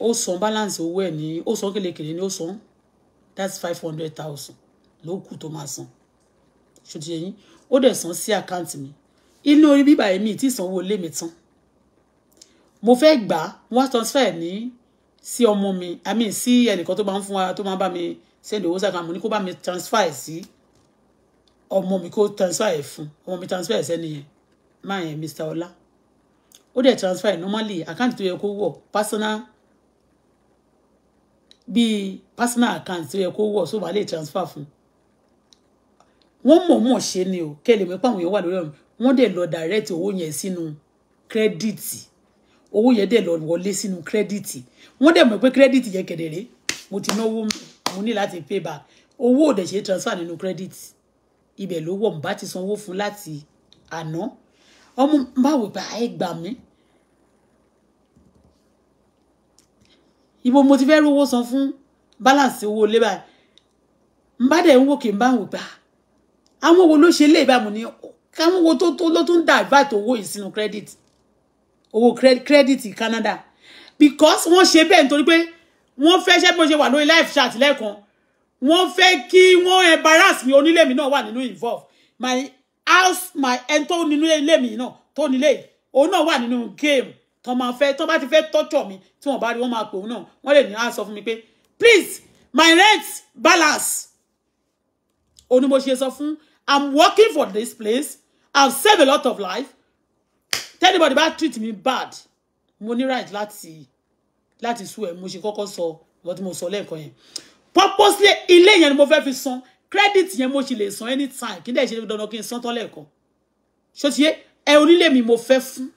ó san balance owó ẹ̀ ní ó san kélekèlé ní ó san that's five hundred thousand ló kù tó máa san ṣùtì ẹ̀yìn ó dẹ̀ san sí àkáǹtì mi inú orí bíbà yẹn mi ti sanwó ilé mi tán mo fẹ́ gbà wọ́n transfer ní sí ọmọ mi i mean sí ẹnìkan tó máa ń fún wa tó máa bá mi send owó sàkà mo ní kó bá mi transfer sí ọmọ mi kó transfer ẹ̀ fún ọmọ mi transfer ẹ̀ sẹ́ni yẹn máa yẹn Mr. Ọlá ó dẹ̀ transfer normally Account tó yẹ kó wọ̀ personal bíi personal account tó yẹ kó wọ̀ sóbà lè transfer fún wọ́n mọ̀ọ́mọ̀ ṣe ni o kẹ́lẹ̀ mẹ́pà àwọn èèyàn wà lórí ọ̀run wọ́n dẹ̀ lọ direct owó yẹn sínú kírẹ́dìtì owó yẹn dẹ̀ lọ wọlé sínú kírẹ́dìtì wọ́n dẹ̀ mọ̀ pé kírẹ́dìtì yẹn kedere mo ti náwó mo ní láti pay back owó ò dẹ̀ ṣe transfer nínú kírẹ́dìtì ibẹ̀ ló wọ̀ mo bá ti sanwó fún láti àná ọmọ báwo bá ẹ gbà mí. ibo mo ti fẹ́ rówó san fún balance owó ilé báyìí n bá dẹ̀ ń wò kí n bá wò gbà àwọn wo ló ṣe lè bá mo ní káwọn wo tó tó ló tún divert owó yìí sínú credit owó credit Canada because wọ́n ṣe bẹ́ẹ̀ nítorí pé wọ́n fẹ́ ṣẹ́ bó ṣe wà lórí life chart lẹ́ẹ̀kan wọ́n fẹ́ kí wọ́n embarrass mi onílé mi náà wà nínú involve my house my ẹni tó nínú ilé mi náà tó nílé òun náà wà nínú game tó máa fẹ́ tó bá ti fẹ́ tọ́jọ̀ mi tí wọ́n bá rí wọ́n máa pè òun náà wọ́n lè ní á ah, sọ fún mi pé please my rent balance òun ni mo ṣe sọ fún i'm working for this place i've saved a lot of life tell anybody bá treat me bad mo ní right láti láti sú ẹ mo ṣe kọ́kọ́ sọ ìwọ tí mo sọ lẹ́ẹ̀kan yẹn purposely ilé yẹn ni mo fẹ́ fi san credit yẹn mo ṣì lè san anytime kí dẹ̀ ṣe dandan kí n san tán lẹ́ẹ̀kan ṣó ẹ onílé mi mo fẹ́ fún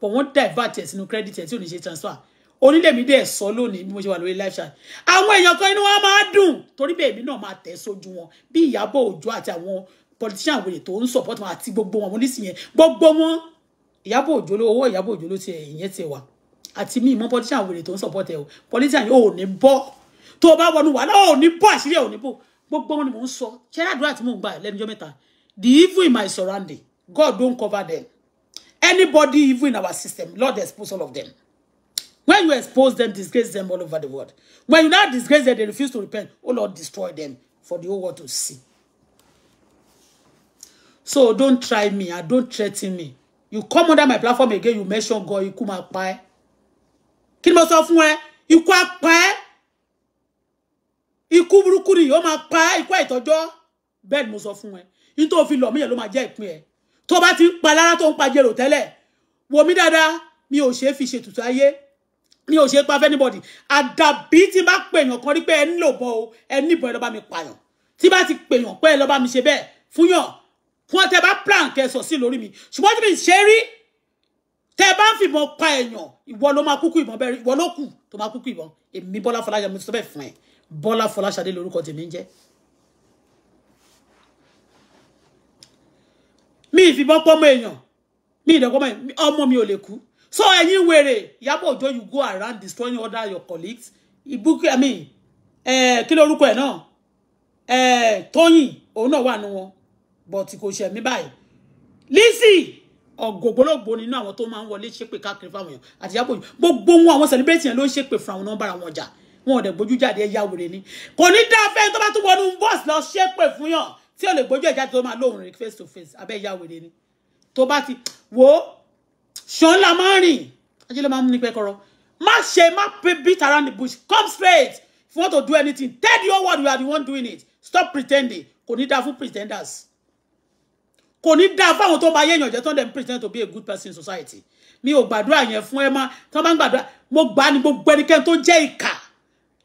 but wọ́n divert ẹ̀ sínú credit ẹ̀ tí ò ní ṣe transfer onílé mi dẹ̀ sọ lónìí bí mo ṣe wà lórí live chat àwọn èèyàn kan inú wa máa dùn torí bẹ́ẹ̀ mi náà máa tẹ̀ sójú wọn bí Ìyábọ̀ Òjó àti àwọn politician wèrè tó ń support wọn àti gbogbo wọn nísìnyẹn gbogbo wọn Ìyábọ̀ Òjó ló owó Ìyábọ̀ Òjó ló ti ìyẹn ti wà àti mí ìmọ̀ politician wèrè tó ń support ẹ o politician yóò ní bọ́ tó o bá wọnú wàhálà ò ní bọ́ àṣírí ẹ ò ní bọ́ gbogbo wọn ni mò ń sọ ṣẹ́rẹ́ tí mò ń gbà lẹ́nujọ́ mẹ́ta the evil in my surrounding God don cover them anybody evil in our system Lord expose all of them when you expose them disgrace them all over the world when you now disgrace them they refuse to repent oh Lord destroy them for the whole world to see so don't try me and ah, don't threaten me you come under my platform again you mention God ikú máa pa ẹ́ kí ni mo sọ fún ẹ ikú á ikú burúkú ni ó máa pa ikú àìtọ́jọ́ bẹ́ẹ̀ ni mo sọ fún ẹ ní tó fi lọ mí yẹn ló máa jẹ́ ìpín ẹ tó bá ti ń pa lára tó ń pa jèrò tẹ́lẹ̀ wò mí dáadáa mi ò ṣe é fi ṣètùtù ayé mi ò ṣe é pa fẹ́ anybody àdàbí tí bá pèèyàn kan rí pé ẹ nílò bọ o ẹ níbọn ẹ lọ bá mi pààyàn tí bá ti pèèyàn pé ẹ lọ bá mi ṣe bẹ́ẹ̀ fún yàn fún ọ tẹ bá plan kẹsọ sí lórí mi ṣùgbọ́n tí mi ṣe rí tẹ bá ń fìbọn pa èèyàn ìwọ ló máa kúkú ìbọn bẹ́ẹ̀ ìwọ ló kù tó máa kúkú ìbọn èmi Bọ́lá Fọláṣadé mo ti sọ bẹ́ẹ̀ fún ẹ Bọ́lá Fọláṣadé lórúkọ tèmi ń jẹ́. mi ìfibọ́n pọ́mọ èèyàn mi ìdẹ́kọ́mọ ọmọ mi ò lè kú so ẹ̀yin wèrè Ìyábọ̀ Òjó you go around destroying other your colleagues ibuki i mean kí lórúkọ ẹ̀ náà Tóyìn òun náà wà nù wọn but kò ṣe mí báyìí Lizzy ọ̀gọ̀gbọ́lọ́gbọ́ nínú àwọn tó máa ń wọlé ṣépè káàkiri fáwọn èèyàn àti Ìyábọ̀ Òjó gbogbo wọn àwọn celebrate yẹn ló ń ṣépè fún àwọn nọ́mbàrà wọn jà wọn ò dẹ̀ gbójú jáde ẹ̀yà wèrè ni kò ní dá fẹ́ tó bá tún wọnú bọ́ọ̀sì lọ ṣépè fún yàn tí ò lè gbójú ẹ̀ jáde tó máa lóhùn rẹ̀ face to face abẹ́ ẹ̀yà wèrè ni tó bá ti wò ó ṣan la máa ń rìn ajé ló máa ń mú ní pẹ́kọ́rọ́ má ṣe má beat around the bush come straight if you want to do anything tell the whole world you are the one doing it stop pretending kò ní dá fún pretenders kò ní dá fáwọn tó bá yéèyàn jẹ́ tó ń dẹ̀ pretend to be a good person in society mi ò gbàdúrà yẹn fún ẹ má tí wọ́n bá ń gbàdúrà mo gbà ní gbogbo ẹnikẹ́ni tó jẹ́ ìkà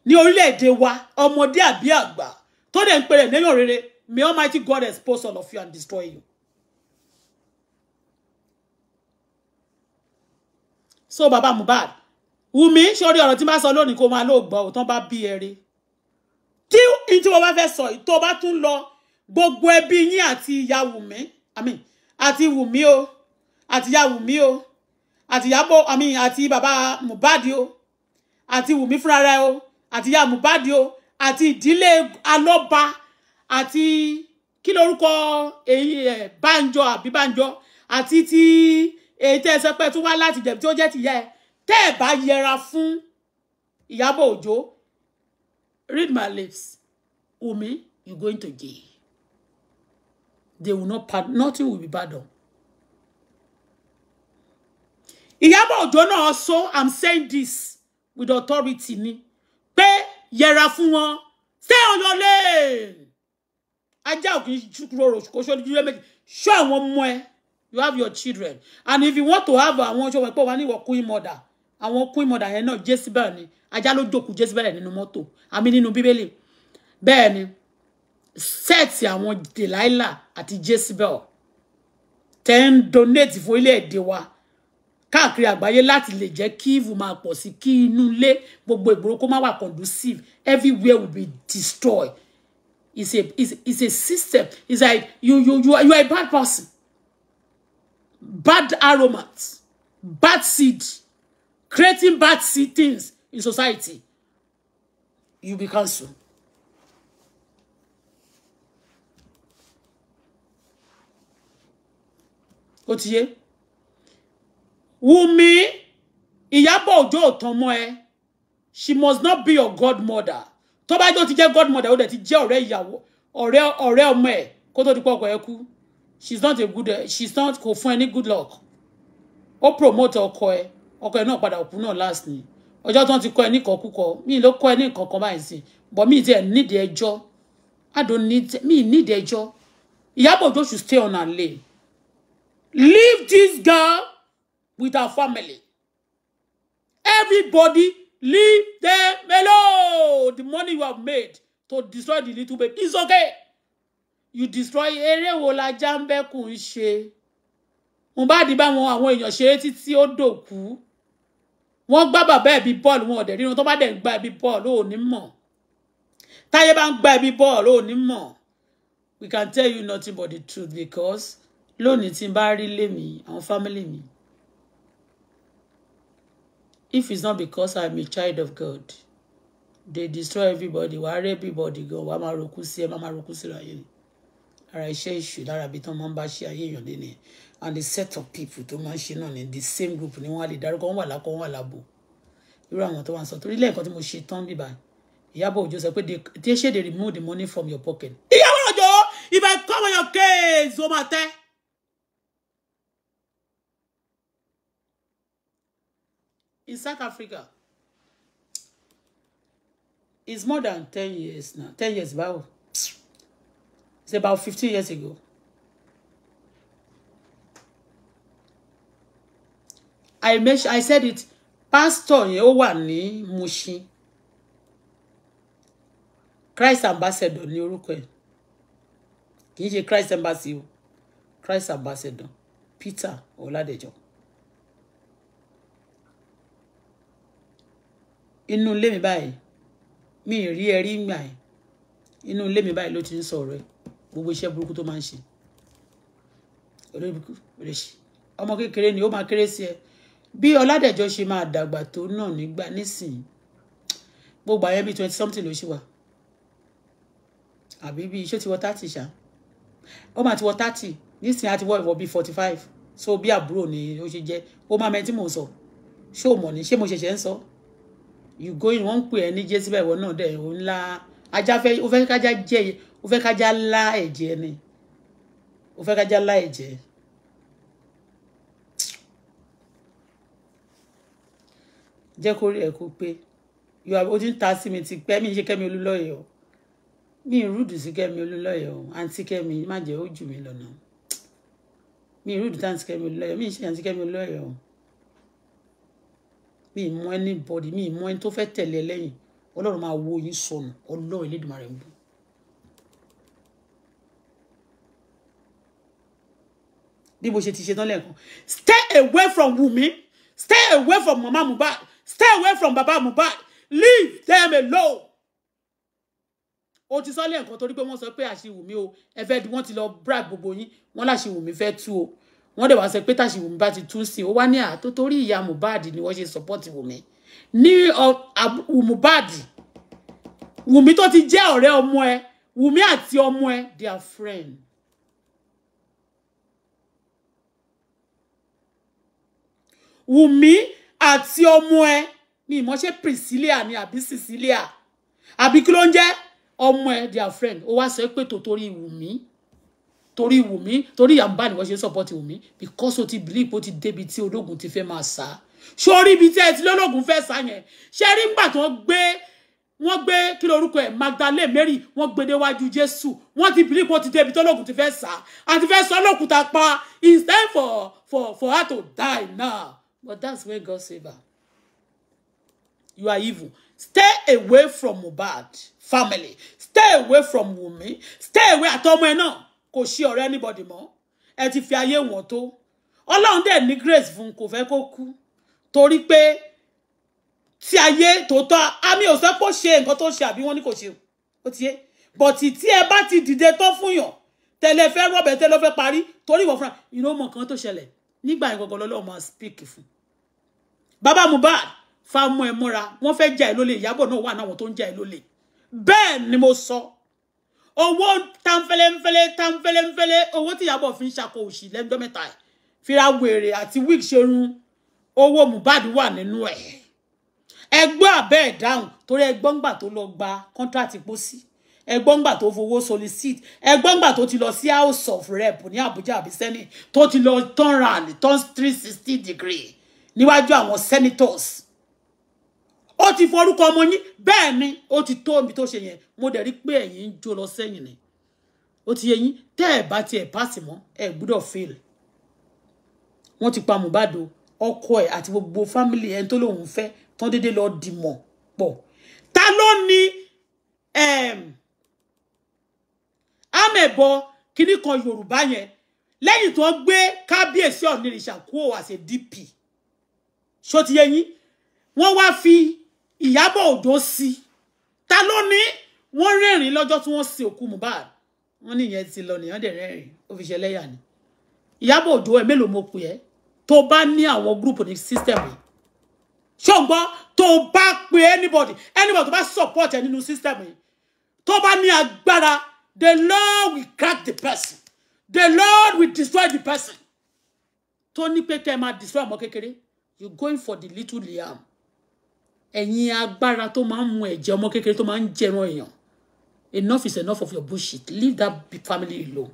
ní orílẹ̀-èdè wa ọmọdé àbí àgbà tó dẹ̀ ń pèrè lẹ́yìn rere may almighty God expose all of you and destroy you. so baba Mohbad Wùmí sórí ọ̀rọ̀ tí máa sọ lónìí kó máa lóò gbọ́ òtán bá bí ẹ̀rí tí n tí mo bá fẹ́ sọ yìí tó bá tún lọ gbogbo ẹbí yín àti ìyá Wùmí àmì àti Wùmí o àti ìyá Wùmí o àti ìyàbọ̀ àmì àti baba Mohbad o àti Wùmí fúnra rẹ̀ o àti ìyá Mohbad o àti ìdílé alọ́ba àti kí lorúkọ èyí ẹ̀ banjo, àbí Bánjọ àti ti èyí tẹ́ ẹ sọ pé tó wá láti jẹ̀bi tí ó jẹ́ tìyá ẹ tẹ́ ẹ bá yẹra fún Ìyábọ̀ Òjó read my lips Wunmi you going to jail they will not pardon nothing will be pardon. Ìyábọ̀ Òjó náà sọ I'm saying this with authority ni pé yẹra fún wọn ṣé ọlọlẹ ajá ò kì í ṣùkúrò kó ṣó lójú méjì ṣọ́ àwọn ọmọ ẹ you have your children and if you want to have àwọn ṣọwọ́n pé wà ní ìwọ̀ queen mother àwọn queen mother yẹn náà jésìbẹ̀ ni ajá ló jòkó jésìbẹ̀ nínú mọ́tò àmì nínú bíbélì bẹ́ẹ̀ ni sẹ́ẹ̀tì àwọn delilah àti jésìbẹ̀ tẹ́ ń donate fún ilé èdè wa káàkiri àgbáyé láti lè jẹ́ kí evil máa pọ̀ sí kí inú ilé gbogbo ìgboro kó má wà conducive everywhere will be destroyed it's a it's, it's a system it's like you you you are, you are a bad person bad aromat bad seed creating bad seed things in society you be cancelled. ó ti yé. Wumi Ìyábọ̀ Òjó ò tán mọ́ ẹ she must not be your godmother tó bá jẹ́ ó ti jẹ́ godmother ó dẹ̀ ti jẹ́ ọ̀rẹ́ ìyàwó ọ̀rẹ́ ọ̀rẹ́ ọmọ ẹ̀ kó tó di pọ̀ ọkọ ẹ kú she's not a good she's not kò fún ẹ ní good luck ó promote ọkọ ẹ ọkọ ẹ náà padà òkú náà last ni ọjọ́ tó ń ti kọ́ ẹ ní ìkọ̀kúkọ mi ló kọ́ ẹ ní ìkọ̀kan báyìí sí but mi ti ẹ̀ need ẹjọ́ I don't need me need ẹjọ́ Ìyábọ̀ Òjó should stay on her lane leave this girl with our family. Everybody leave them alone. The money you have made to destroy the little baby is okay. You destroy eré wo la Jambeku ń ṣe. Mohbad bá wọn àwọn èèyàn ṣeré títí ó dòkú. Wọ́n gbá Baba ẹ̀bí bọ́ọ̀lù wọn ọ̀dẹ̀ ríran tó bá dẹ̀ ń gba ẹ̀bí bọ́ọ̀lù ò ní mọ̀. Táyé bá ń gba ẹ̀bí bọ́ọ̀lù ò ní mọ̀. We can tell you nothing but the truth because lónìí tí n bá rí lèmi àwọn fámílì mi if it's not because i'm a child of god they destroy everybody wàá rẹ everybody go? wàá máa rokú sí ẹ máa máa rokú síra yẹn ara iṣẹ́ ìṣù lára ibi tán and the set of people to máa ń ṣe the same group ni wọ́n á lè dárúkọ wọ́n wà lákọ wọ́n wà lábo irú àwọn tó wà ń sọ torí lẹ́ẹ̀kan tí mo ṣe tán bíbá Ìyábọ̀ Òjó sọ they ṣe they remove the money from your pocket. Ìyábọ̀ Òjó if I come on your case o máa tẹ́. in South Africa. It's more than 10 years now. 10 years about. It's about 15 years ago. I mentioned, I said it, pastor yẹn ó Christ ambassador ni orúkọ ẹ̀. Kì Christ embassy Christ ambassador Peter Oladejo. inú ilé mi báyìí mi ì rí ẹrí gbà yẹn inú ilé mi báyìí ló ti ń sọ̀rọ̀ ẹ gbogbo iṣẹ́ burúkú tó máa ń ṣe olóyìnbó rẹ ṣe ọmọ kékeré ni ó máa kéré sí ẹ bí ọládẹjọ ṣe máa dàgbà tó náà nígbà nísìnyí gbogbo àyẹ bíi twenty something ló ṣì wà àbí bíi ṣé ti wọ thirty ṣá ó máa ti wọ thirty nísìnyí àti wọ ìwọ bíi forty five so bí àbúrò ni ó ṣe jẹ ó máa mẹ tí mò ń sọ ṣé o mọ̀ ní ṣé mo ṣẹ̀ṣẹ̀ ń sọ you go in wọ́n ń pè ẹ́ ní jésù báyìí wọ́n náà dẹ̀ ò ńlá ajá fẹ́ ó fẹ́ kájá jẹ́ ó fẹ́ kájá lá ẹ̀jẹ̀ ni ó fẹ́ kájá lá ẹ̀jẹ̀. jẹ́ kó rí ẹ̀ kó pé o ti ń ta sí mi ti pẹ́ mi ṣe kẹ́mi olúlọ́yẹ̀ o mi ń rúdù sí kẹ́mi olúlọ́yẹ̀ o àǹtí kẹ́mi má jẹ́ ó jù mí lọ́nà mi ń rúdù tá àǹtí kẹ́mi olúlọ́yẹ̀ mi ń ṣe àǹtí kẹ́mi olúlọ́yẹ̀ o mi ì mọ anybody mi mọ ẹni tó fẹ́ tẹ̀lé lẹ́yìn ọlọ́run máa wo yín sọnù ọlọ́run Elédùmarè ń bú. bí mo ṣe ti ṣe tán lẹ́ẹ̀kan stay away from Wumi stay away from mama Mohbad stay away from baba Mohbad leave them alone. o ti sọ lẹ́ẹ̀kan torí pé wọ́n sọ pé àṣìwùmí o ẹ fẹ́ wọ́n ti lọ brag gbogbo yín wọ́n láṣìwùmí fẹ́ tú o wọ́n dẹ̀ wá sọ pé tàṣìwòmí bá ti tún sí i ó wá ní àtó torí ìyá Mohbad ni wọ́n ṣe support Wùmí ní Mohbad Wùmí tó ti jẹ́ ọ̀rẹ́ ọmọ ẹ Wùmí àti ọmọ ẹ they friend. Wùmí àti ọmọ ẹ ni ìmọ̀ṣẹ́ Priscilla ni àbí Cecilia àbí kí ló ń jẹ́ ọmọ ẹ they friend ó wá sọ pé tòtórí Wùmí torí Wùmí torí ìyàmbá ni wọ́n ṣe ń support Wùmí because o ti believe o ti débi tí ológun ti fẹ́ máa sá sórí ibi tí ẹ ti lọ́lọ́gùn fẹ́ sá yẹn ṣe rí ńgbà tó gbé wọ́n gbé kí lorúkọ ẹ̀ Magdalene Mary wọ́n gbé déwájú Jésù wọ́n ti believe o ti débi tí ológun ti fẹ́ sá àti fẹ́ sọ olókùúta pa instead for for for her to die now but that's where God save her you are evil stay away from Mohbad family stay away from Wunmi stay away at àtọmọ ẹ náà kò ṣe ọ̀rẹ́ anybody mo, ẹ ti fi ayé wọn tó ọlọ́run dẹ̀ ní grace fún kò fẹ́ kó kú torí pé tí ayé tòótọ́ àmì ò sọ pé ó ṣe nǹkan tó ṣe àbí wọ́n ní kò ṣe ó ti yé bọ̀tì tí ẹ bá ti dìde tó fún yàn tẹ̀lé fẹ́ rọ̀bẹ̀ tẹ́lẹ̀ fẹ́ parí torí ìwọ fúnra ìnáwó mọ̀ kan tó ṣẹlẹ̀ nígbà yẹn gbọ̀ngàn lọ́lọ́ máa speak fún bàbá Mohbad fáwọn ẹ mọ́ra wọ́n fẹ́ jà ẹ lólè Ìyábọ̀ náà wà náà wọn tó ń jà ẹ lólè bẹ́ẹ̀ ni mo so owó tanfẹlẹfẹlẹ tanfẹlẹfẹlẹ owó tíyàbọ̀ fi ń ṣàkó òṣì lẹ́jọ́ mẹ́ta ẹ̀ fira wèrè àti wig ṣerun owó Mohbad wà nínú ẹ̀ ẹgbọ́n abẹ́ ẹ̀ dáhùn torí ẹgbọ́n gbà tó lọ gba contract pósí ẹgbọ́n gbà tó fowó solicit ẹgbọ́n gbà tó ti lọ sí house of rep ní Abuja àbí senate tó ti lọ turn round turn three sixty degree níwájú àwọn senators ó ti forúkọ ọmọ yín bẹ́ẹ̀ ni ó ti tó omi tó ṣe yẹn mo dẹ̀ rí pé ẹ̀yin ń jó lọ sẹ́yìn ni ó ti yẹ tẹ́ ẹ̀ bá tiẹ̀ pàṣẹ mọ́ ẹ̀ gbúdọ̀ fail wọ́n ti pa Mohbad o ọkọ ẹ̀ àti gbogbo family ẹni tó lòun fẹ́ tán déédéé lọ dìmọ̀ pọ̀ ta ló ní ehm, amẹ̀bọ kínní kan Yorùbá yẹn lẹ́yìn tó gbé kábíyèsí ọ̀nìrìṣà kúrò àṣẹ DP ṣó ti yẹ wọ́n wá fi Ìyábọ̀ Òjó sí ta ló ní wọ́n rẹ́rìn lọ́jọ́ tí wọ́n sin òkú Mohbad wọ́n ní ìyẹn ti lọ nìyẹn dẹ̀ rẹ́rìn ó fi ṣe lẹ́yà ni Ìyábọ̀ Òjó ẹ̀ mélòó mo pè ẹ́ tó bá ní àwọn gúrùpù ní system yìí ṣọ́gbọ́ tó bá pe anybody anybody tó bá support ẹ nínú system yìí tó bá ní agbára the Lord will crack the person the Lord will destroy the person tó ní pé kẹ́ ẹ máa destroy ọmọ kékeré you going for the little liam ẹ̀yin agbára tó máa ń mu ẹ̀jẹ̀ ọmọ kékeré tó máa ń jẹran èèyàn enough is enough of your bullshit leave that family alone.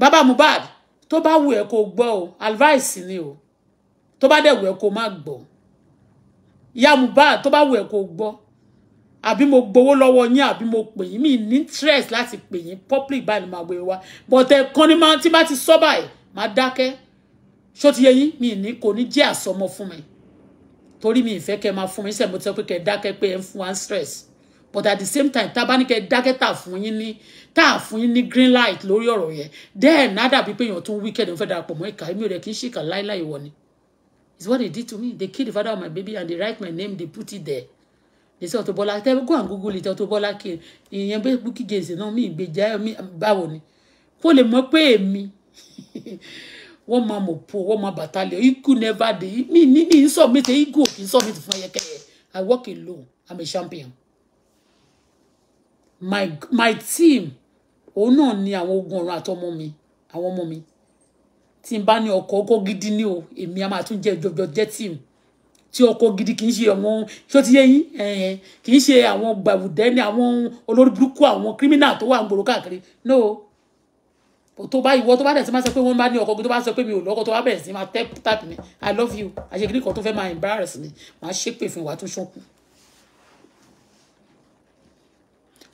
bàbá Mohbad tó bá wù ẹ́ kó gbọ́ o advice ni o tó bá dẹ̀ wù ẹ́ kó má gbọ́ ìyá Mohbad tó bá wù ẹ́ kó gbọ́ àbí mo gbowó lọ́wọ́ yín àbí mo pè yín mi ní interest láti pè yín public báyìí ni màá gbé wa but ẹ̀kan ni tí bá ti sọ́ báyìí màá dákẹ́ ṣó ti yẹ yín mi ní kò ní jẹ́ àsọmọ fún mi torí mi ìfẹ́ kẹ́ máa fún mi sẹ́ẹ̀ mo ti sọ pé kẹ́ dákẹ́ pé ẹ̀ ń fún wa stress but at the same time tá a bá ní kẹ́ dákẹ́ tà fún yín ní tá fún yín ní green light lórí ọ̀rọ̀ yẹn then náà dàbí pé èèyàn tún wicked ń fẹ́ darapọ̀ mọ́ ìka èmi ò rẹ̀ kì í ṣìkà láíláì wọ ni it's what they did to me they kill the father of my baby and they write my name they put it there they say Auto Bola go and google it Auto Bola kiri ìyẹn bẹ Bukky Jease náà mi ìgbèjà mi báwo ni kó lè mọ̀ pé èmi wọ́n máa mọ̀ po wọ́n máa bàtàlẹ̀ ikú never dey mi ní mi ń submit ikú ò kì í submit fún ẹyẹkẹyẹ I work alone I'm a champion. My my team òun náà ni àwọn ogun ọ̀run àtọmọ mi àwọn ọmọ mi tí n bá ní ọkọ̀ ọkọ̀ gidi ni o èmi a máa tún jẹ́ jọjọ jẹ́ team tí ọkọ̀ gidi kì í ṣe àwọn ṣó ti yé yín kì í ṣe àwọn gbàwùdẹ́ ní àwọn olórí burúkú àwọn kírímínà tó wà ń gbòòrò káàkiri no tó bá ìwọ tó bá dẹ̀ sí máa sọ pé wọ́n bá ní ọkọ tó bá sọ pé mi ò lọ́kọ tó bá bẹ̀rẹ̀ sí máa tap mi i love you àṣekiri kan tó fẹ́ máa embarrass mi máa ṣépè fún ìwà tó ṣọ́kù.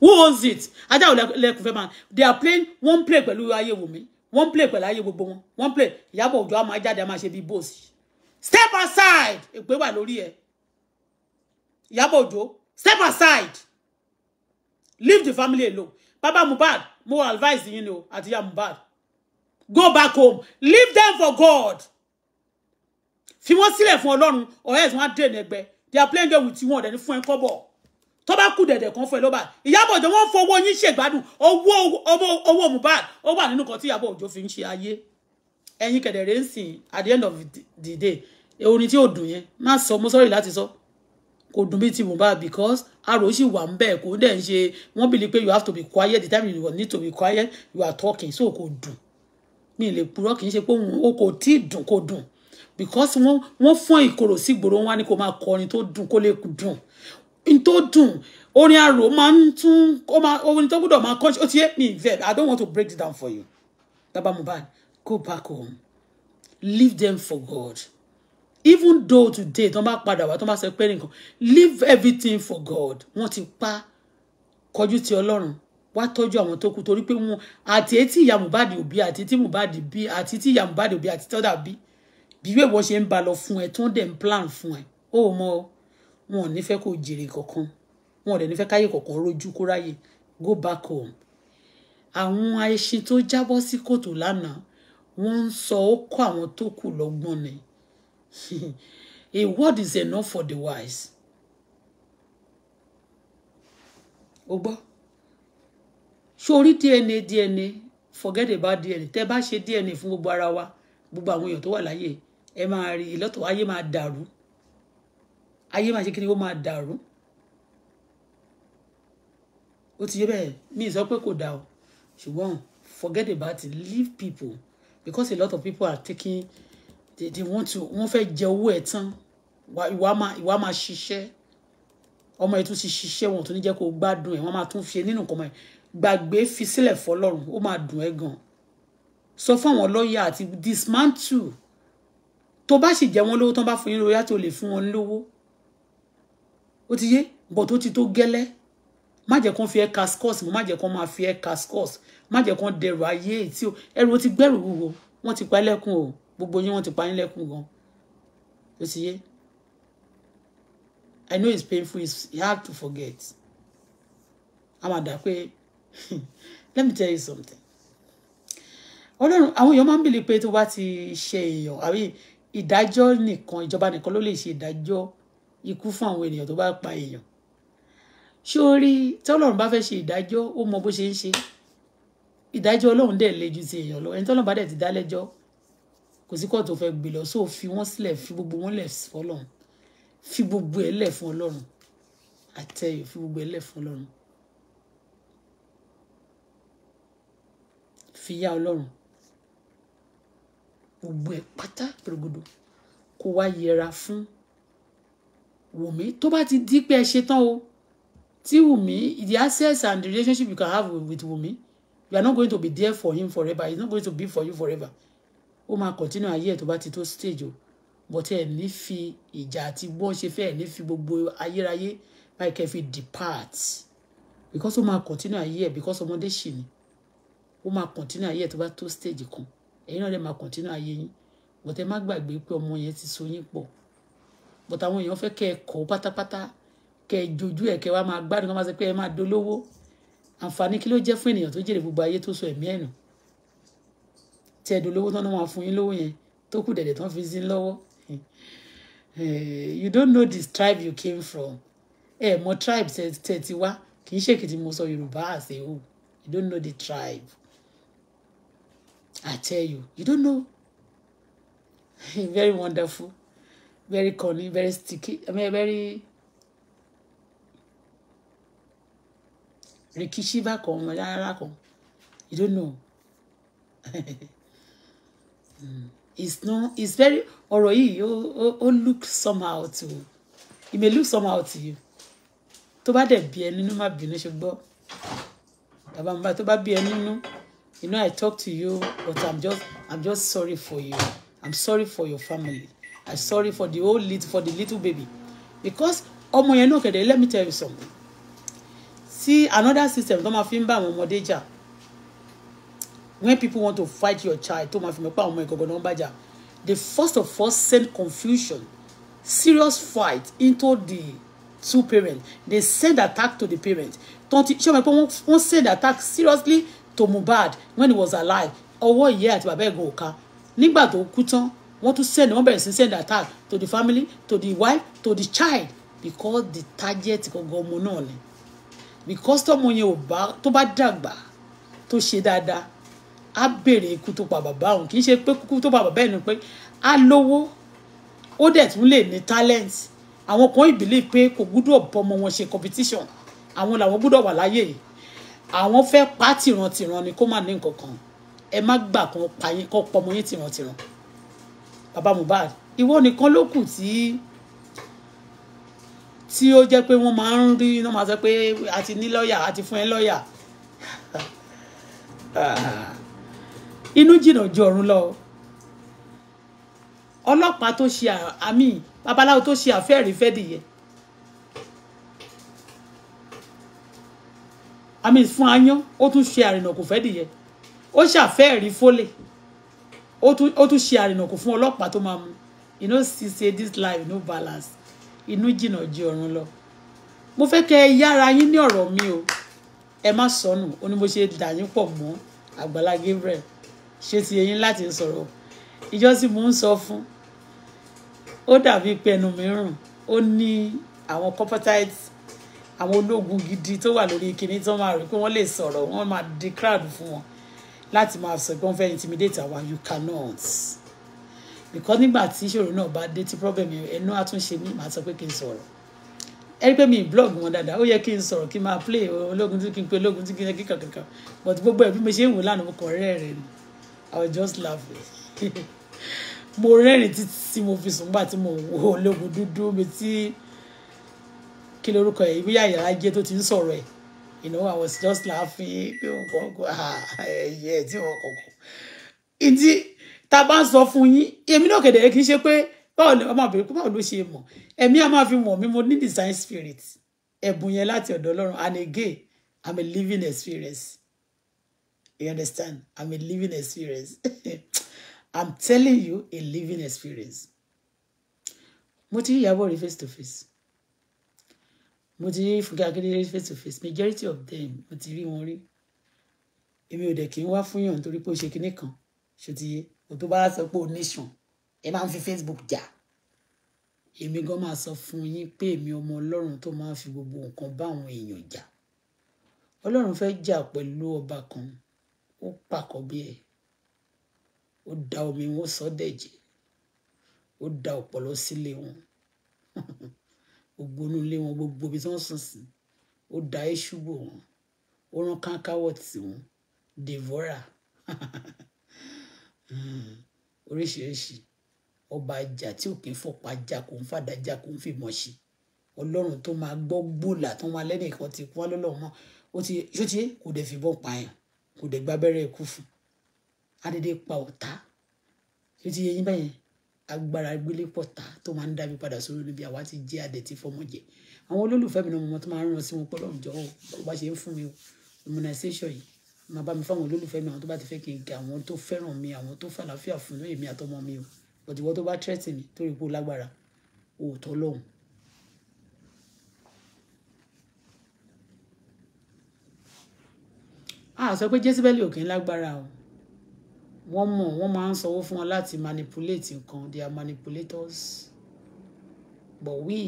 who owns it ajá ò lẹkùn fẹ́ máa they are playing one play pẹ̀lú ayé wò mí one play pẹ̀lú ayé gbogbo wọn one play ìyàbọ̀ òjò á máa jáde á máa ṣe bíi bóòsì step aside èpè wà lórí ẹ ìyàbọ̀ òjò step aside leave the family alone baba Mohbad More advice you know at àti ìyá Mohbad go back home leave them for God fi wọ́n sílẹ̀ fún Ọlọ́run ọ̀rẹ́ ẹ̀sùn wọn dènà ẹgbẹ́ they are playing game with you wọn ọ̀dẹ̀ ní fún ẹ kọ́bọ̀ tó bá kú dẹ̀dẹ̀ kan fún ẹ ló bá Ìyábọ̀ Òjó wọn fowó yín ṣègbádùn owó owó Mohbad ó wà nínú kan tí Ìyábọ̀ Òjó fi ń ṣe ayé ẹ̀yin kẹ̀dẹ̀ rẹ̀ ń sìn at the end of the day orin tí ò dùn yẹn má sọ mo sorry láti sọ. So kò dùn bí ti Mohbad because arò sì wà ń bẹ̀ kò dẹ̀ ń ṣe wọ́n bìlí pé you have to be quiet the time you need to be quiet you are talking so kò dùn mi lè purọ́ kì í ṣe pé òun kò tí dùn kò dùn because wọ́n wọ́n fún ìkorò sí ìgboro wọn ni kò máa kọrin tó dùn kó lè dùn n tó dùn orin arò máa ń tún ó máa orin tó gbọ́dọ̀ máa kọ́ṣe ó ti yé mi ìfẹ́ I don't want to break it down for you baba Mohbad go back home leave them for God even though today tó bá padà wá tó bá sọ pé nìkan leave everything for God wọ́n ti pa kọjú ti Ọlọ́run wá tọ́jú àwọn tó kù torí pé wọn àti etí ìyá Mohbad òbí àti etí Mohbad bí àti etí ìyá Mohbad òbí àti tọ́dà bí bí wíwọ́ ṣe ń ba lọ fún ẹ tó ń dẹ̀ ń plan fún ẹ ó mọ wọn ò ní fẹ́ kó jèrè kankan wọn ò dẹ̀ ní fẹ́ káyè kankan rojú kó ráyè go back home àwọn ẹṣin tó jábọ́ sí kòtò lánàá wọ́n ń sọ ó kọ́ àwọn tó kù lọ́gbọ́n ni a word is enough for the wise. o gbọ́ sórí DNA DNA forget about DNA tẹ́ bá ṣe DNA fún gbogbo ara wa gbogbo àwọn èèyàn tó wà láyé ẹ máa rí ìlọ́tọ̀ ayé máa dàrú ayé máa ṣe kí ni ó máa dàrú ó ti yé bẹ́ẹ̀ mi sọ pé kò dà o ṣùgbọ́n forget about it leave people because a lot of people are taking they, they want to wọ́n fẹ́ jẹ owó ẹ̀ tán ìwà máa ìwà máa ṣiṣẹ́ ọmọ ẹ̀ tún ti ṣiṣẹ́ wọn tó ní jẹ́ kó gbádùn ẹ̀ wọ́n máa tún fi nínú nǹkan mọ́ ẹ̀ gbàgbé fi sílẹ̀ fọlọ́run ó máa dùn ẹ́ gan sọ fún àwọn lọ́ọ̀yà àti dismantle tó bá sì jẹ wọ́n lówó tán bá fún yín lówó yàtọ̀ lè fún wọn lówó ó ti yé bọ̀ tó ti tó gẹ́lẹ́ má jẹ́ kán fi ẹ́ cascos mọ́ má jẹ́ kán máa fi ẹ́ cascos má jẹ́ kán dẹrù ayé tí ẹrù ó ti gbẹ́rù wúwo wọ́n ti pa ẹlẹ́kùn o gbogbo yín wọ́n ti pa yín lẹ́kùn gan ló ti yé i know it's painful it's hard to forget a máa pé let me tell you something ọlọ́run àwọn èèyàn máa ń bèèrè pé tó bá ti ṣe èèyàn àbí ìdájọ́ nìkan ìjọba nìkan ló lè ṣe ìdájọ́ ikú fún àwọn ènìyàn tó bá pa èèyàn sórí tọ́lọ́run bá fẹ́ ṣe ìdájọ́ ó mọ bó ṣe ń ṣe ìdájọ́ ọlọ́run dẹ̀ le ju ti èèyàn lọ ẹni tọ́lọ́run bá dẹ̀ ti dá lẹ́jọ́ kò sí kóòtù tó fẹ́ gbé lọ so fi wọ́n sílẹ̀ fi gbogbo wọn lẹ̀ fọlọ́run fi gbogbo ẹ̀ lẹ̀ fún ọlọ́run I tell you fi gbogbo ẹ̀ lẹ̀ fún ọlọ́run fi yá ọlọ́run gbogbo ẹ̀ pátá pèrègodo kó wá yẹra fún wùmí tó bá ti di pé ẹ ṣetán o tí wùmí the access and the relationship you can have with wùmí you are not going to be there for him forever he is not going to be for you forever ó máa kọ̀tínú ayé ẹ̀ tó bá ti tó stage o bọ́tẹ́ ẹ̀ ní fi ìjà àti bó ṣe fẹ́ ẹ̀ ní fi gbogbo ayérayé báyìí kẹ́ fi depart because ó máa kọ̀tínú ayé ẹ̀ because ọmọdé ṣì ni ó máa kọ̀tínú ayé ẹ̀ tó bá tó stage kan ẹ̀yin náà dẹ̀ máa kọ̀tínú ayé yín bọ́tẹ́ má gbàgbé pé ọmọ yẹn ti so yín pọ̀ bọ́tẹ́ àwọn èèyàn fẹ́ kẹ́ ẹ kọ́ pátápátá kẹ́ ẹ jojú ẹ̀ kẹ́ wá máa gbádùn kọ́ máa sọ pé ẹ máa dolówó àǹfààní kí ló jẹ́ fún ènìyàn tó jèrè gbogbo ayé tó so ẹ̀mí ẹ̀nù tí ẹ̀dùn lówó tán ló máa fún yín lówó yẹn tó kù dẹ̀dẹ̀ tán fi sí lọ́wọ́ eh, you don't know this tribe you came from ẹ mọ tribe tẹ ti wá kì í ṣèkìtì mo sọ Yorùbá àṣẹ o you don't know the tribe I tell you you don't know very wonderful very cunning very sticky I mean very. rikishi bákan ọmọ rárá kan you don't know it's no, it's very ọ̀rọ̀ You, ó ó ó look somehow to it may look somehow to you tó bá dẹ̀ bí ẹ nínú má bínú ṣe gbọ́ bàbá mi bá tó you know I talk to you but I'm just I'm just sorry for you I'm sorry for your family I'm sorry for the old little for the little baby because ọmọ yẹn náà kẹ̀dẹ̀ let me tell you something see another system tó máa fi ń bá àwọn ọmọdé jà when people want to fight your child tó máa fi mọ̀ pé àwọn ọmọ ìkọ̀kọ̀ náà first of all send confusion serious fight into the two parents they send attack to the parents tonti ṣé o mọ̀ pé wọ́n send attack seriously to Mohbad when he was alive or ìyá year? bàbá ẹ̀gbọ́n òka nígbà tó kú tán wọ́n send wọ́n bẹ̀rẹ̀ send attack to the family to the wife to the child because the target gangan ọmọ náà because tọmọ yẹn ò bá tó to dàgbà tó á béèrè ikú tó pa bàbá òun kì í ṣe pé kúkú tó pa bàbá ẹni pé á lówó ó dẹ̀ tún lè ní talent àwọn kan ìbílẹ̀ pé kò gbúdọ̀ bọmọ wọn ṣe competition àwọn làwọn gbúdọ̀ wà láyè yìí àwọn fẹ́ pa tìrantìran ni kó má ní nǹkan kan ẹ má gbà kan pa yín kan pọmọ yín tìrantìran bàbá Mohbad ìwọ nìkan ló kù tí tí ó jẹ́ pé wọ́n máa ń rí iná máa sọ pé a ti ní lọ́ọ̀yà a ti fún ẹ lọ́ọ̀yà. inú jìnnà ju ọ̀run lọ ọlọ́pàá tó ṣe àmì babaláwo tó ṣe àfẹ́rí fẹ́dìyẹ àmì fún ayán ó tún ṣe àrìnà kò fẹ́dìyẹ ó ṣàfẹ́rí fólè ó tún ṣe àrìnà kò fún ọlọ́pàá tó máa mú you know see say this life no balance inú jìnnà ju ọ̀run lọ mo fẹ́ kẹ́ ẹ yára yín ní ọ̀rọ̀ mi o ẹ má sọnù ó ní mo ṣe dà yín pọ̀ mọ́ Àgbàlá Gabriel ṣé ti eyín láti sọ̀rọ̀ ìjọ tí mò ń sọ fún ó dàbí pẹnu mìíràn ó ní àwọn corporate àwọn ológun gidi tó wà lórí kinní tó máa rí pé wọ́n lè sọ̀rọ̀ wọ́n máa di crowd fún wọn láti máa sọ pé wọ́n fẹ́ intimidate àwa you cannot because nígbà tí ìṣòro náà bá dé tí problem yẹn ẹnu àtúnṣe mi màá sọ pé kí n sọ̀rọ̀ ẹni pé mi blog wọn dáadáa ó yẹ kí n sọ̀rọ̀ kí n máa play ológun tí kí n pe ológun tí kí n yẹ kíkan but gbogbo ẹ̀ bí mo ṣe ń wò lánàá mo kọ̀ rẹ́ẹ̀rẹ́ ni I was just laughing. mo rẹ́rìn títí tí mo fi sùn gbà tí mo wo ológun dúdú mi tí kí lorúkọ yìí bí àyàrá jẹ́ tó ti ń sọ̀rọ̀ ẹ̀ you know I was just laughing pé nǹkan ah, ẹ̀yẹ tí wọ́n kọ̀ọ̀kan. ìdí tá a bá ń sọ fún yín èmi náà kẹ̀dẹ̀ kì í ṣe pé báwo lè máa bèrè pé báwo ló ṣe mọ̀ ẹ̀mí a máa fi mọ̀ mi mo ní design spirit ẹ̀bùn yẹn láti ọ̀dọ̀ Ọlọ́run and again I'm a living experience You understand? I'm a living experience. I'm telling you a living experience. Moti ti face to face. Moti ti face to face. Majority of them moti ti rí wọn rí. Èmi ò dẹ̀ kí n wá fún yàn nítorí kan. Ṣòtiyé, kò tó bá sọ nation. Ẹ fi Facebook jà. Èmi gan máa sọ fún yín pé èmi ọmọ Ọlọ́run tó máa ń fi gbogbo nǹkan bá àwọn èèyàn jà. Ọlọ́run fẹ́ jà pẹ̀lú ọba kan ó pàkọ́bí ẹ̀ ó da omi wọn sọ dẹ̀jẹ̀ ó da ọ̀pọ̀lọ sílé wọn gbogbo inú ilé wọn gbogbo ibi tí wọ́n sùn sí ó da iṣu bò wọn ó rán kánkáwọ̀ tì wọn devora hmm. oríṣiríṣi ọba ajá tí ò kí ń fọpa ajá kò ń fàdá ajá kò ń fìmọ̀ ṣe ọlọ́run tó máa gbọ́ gbòòlà tó máa lẹ́nìkan ti kú wá lọ́lọ́run mọ́ ó ti ṣó ti kò dẹ̀ fìbọn pààyàn kò dẹ̀ gba abẹ́rẹ́ ikú fún adédè pa ọ̀tá tí ti yẹyin bẹ́yẹn agbára gbélé pọ̀ tá tó máa ń dá mi padà sórí olóbi àwa ti jẹ́ adẹ̀tí fọmọ jẹ àwọn olólùfẹ́ mi náà mo tó máa ń ràn sí wọn pẹ́ lọ́rùn jọ́wọ́ bó bá ṣe ń fún mi o immunization yìí máa bá mi fáwọn olólùfẹ́ mi àwọn tó bá ti fẹ́ kí n ga àwọn tó fẹ́ràn mi àwọn tó fàlàáfíà fún èmi àtọmọ mi o bọ̀dìwọ́ tó bá tẹ́tì mi tó rí pé ó lágbára òótọ́ lọ́hùn a sọ pé jésìbẹ́lì ò kí ń lágbára o wọ́n mọ̀ wọ́n máa ń sanwó fún wọn láti manipulate nǹkan they are manipulators but we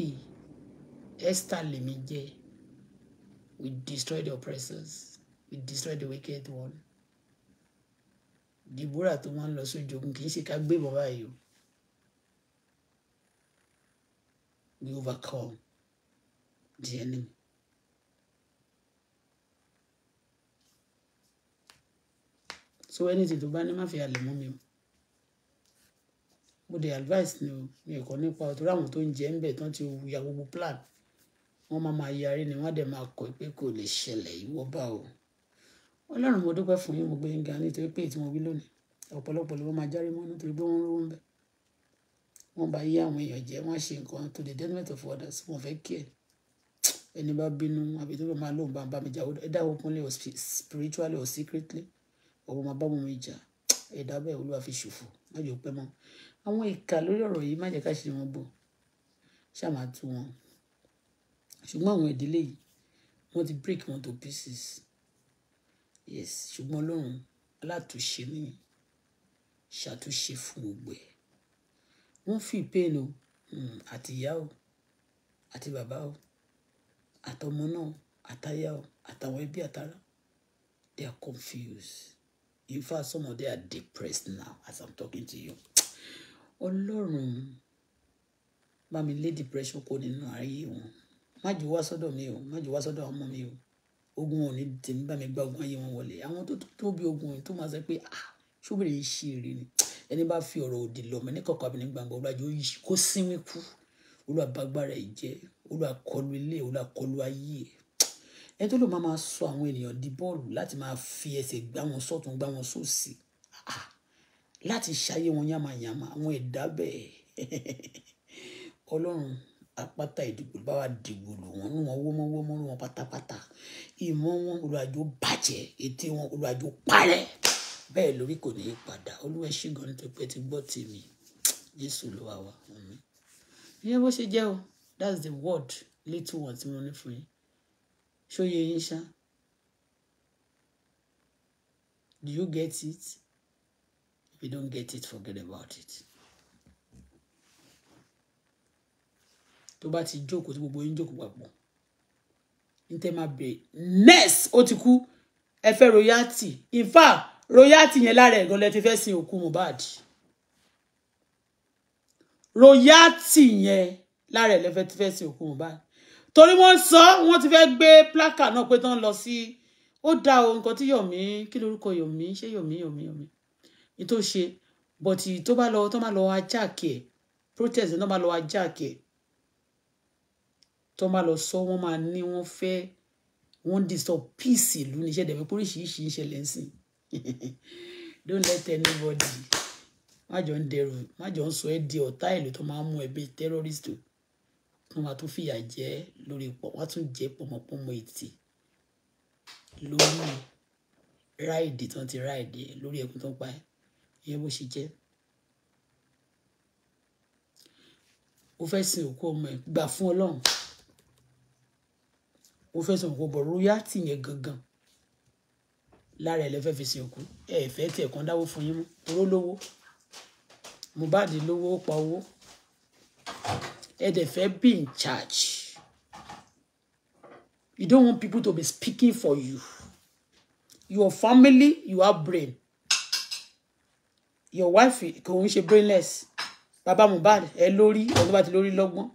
Esther lèmi jẹ we destroy the oppressors we destroy the wicked one Deborah tó máa ń lọ sójú ogun kì í ṣe ká gbé bàbá yìí o we overcome the enemy. so anything tó bá ní má fi àlè mú mi mo dey advice ni o mi ò kọ́ nípa ọ̀tọ́ àwọn tó ń jẹ́ ń bẹ̀ tán ti ya gbogbo plan wọ́n máa máa yarí ni wọ́n á dẹ̀ máa kọ́ pé kò lè ṣẹlẹ̀ ìwọ bá o ọlọ́run mo dúpẹ́ fún yín mo gbé yín ga nítorí pé ètò wọn wí lónìí ọ̀pọ̀lọpọ̀ ló máa járe mọ́ nítorí pé wọ́n rówó ń bẹ̀ wọ́n bá yí àwọn èèyàn jẹ́ wọ́n ṣe nǹkan to the detriment of others wọ́n fẹ́ kí ẹ̀ ẹni bá bínú àbí tó bá máa lóun bá bá mi jà ẹ dáwọ́ kúnlẹ̀ spiritually or secretly ọ̀rọ̀ máa bá wọn ìjà ẹ̀dá bẹ́ẹ̀ olúwa fi ṣòfò má jẹ́ pẹ́ mọ́ àwọn ìkà lórí ọ̀rọ̀ yìí má jẹ́ ká ṣe wọn bò ṣáà máa tú wọn ṣùgbọ́n àwọn ìdílé yìí wọ́n ti break wọn to pieces yes ṣùgbọ́n ọlọ́run alátúnṣe nìyí ṣàtúnṣe fún gbogbo ẹ̀ wọ́n fi pain o hmm, àtìyá o àti bàbá o àtọmọ náà àtayá o àtàwọn ẹbí àtàrà they are confused in fact some of them are depressed now as i'm talking to you ọlọ́run bá mi lé depression kó nínú ayé wọn má jù wá sọ́dọ̀ mi o má jù wá sọ́dọ̀ àwọn ọmọ mi o ogun ò ní tèmi bá mi gba ogun ayé wọn wọlé àwọn tó tóbi ogun tó máa sọ pé ah ṣóbìrì yìí ṣe eré ni ẹni bá fi ọ̀rọ̀ òdì lọ mọ ní kọ̀ọ̀kan àbí ní gbangba olùwàjò kó sínwín kú olùwàbágbára ẹ̀ jẹ́ olùwàkọlù ilé olùwàkọlù ayé ẹ̀ ẹni tó lò máa máa sọ àwọn ènìyàn di bọ́ọ̀lù láti máa fi ẹsẹ̀ gbá wọn sọ́tún gbá wọn sósì ah, láti ṣayé wọn yàmàyàmà àwọn ẹ̀dá bẹ́ẹ̀ ọlọ́run apáta ìdìbò bá wa dìbò lò wọn nù wọn wọ́mọ́wọ́mọ́ lù wọn pátápátá ìmọ̀ wọn olùwàjò bàjẹ́ ètè wọn olùwàjò parẹ́ bẹ́ẹ̀ lórí kò ní í padà olúwa ṣì tó pé ti gbọ́ tèmi jésù ló wà wá. ìyẹn bó ṣe jẹ́ o that's the word little one tí mo ní fún yín. Show you, Insha. do you get it if you don't get it forget about it Toba ti joke tí gbogbo yín jókòó papọ̀ ní tẹ́ be bẹ̀ next ó ti kú ẹ royalty in fact royalty yẹn lára ẹ̀gàn lẹ ti fẹ́ sin òkú Mohbad royalty yẹn lare ẹ̀ lẹ fẹ́ ti fẹ́ sin òkú Mohbad torí wọ́n sọ wọ́n ti fẹ́ gbé plaka náà pé tán lọ sí ó dá o nǹkan tí Yomi kí lorúkọ Yomi ṣé Yomi Yomi Yomi ní tó ṣe bọ̀tì tó bá lọ tó má lọ ajá kẹ̀ protest náà má lọ ajá kẹ̀ tó má lọ sọ wọ́n máa ní wọ́n fẹ́ wọ́n disturb peace ìlú níṣẹ́ dẹ̀ pé oríṣiríṣi ìṣẹ̀lẹ̀ ń sìn don't let anybody má jọ ń dẹrù má jọ ń sọ ẹ́ di ọ̀tá ìlú tó máa ń mú ẹ terrorist o wọ́n máa tún fìyà jẹ lórí pọ̀ wọ́n á tún jẹ pọ̀mọ̀pọ̀mọ̀ ètì lórí ráìdì tó ń ti ráìdì lórí ẹkùn tó ń pa ẹ ìyẹn bó ṣe jẹ́ o fẹ́ sin òkú ọmọ ẹ gbà fún ọlọ́run o fẹ́ sin òkú bọ̀ royalty yẹn gangan lára ẹ lẹ fẹ́ fi sin òkú ẹ fẹ́ tiẹ̀ kan dáwó fún yín mú toró lówó Mohbad lówó pa owó ẹ dẹ̀ fẹ́ be in charge you don't want people to be speaking for you your family you have brain your wife can ń ṣe brainless bàbá Mohbad ẹ lórí ọdún bá ti lórí lọ́gbọ́n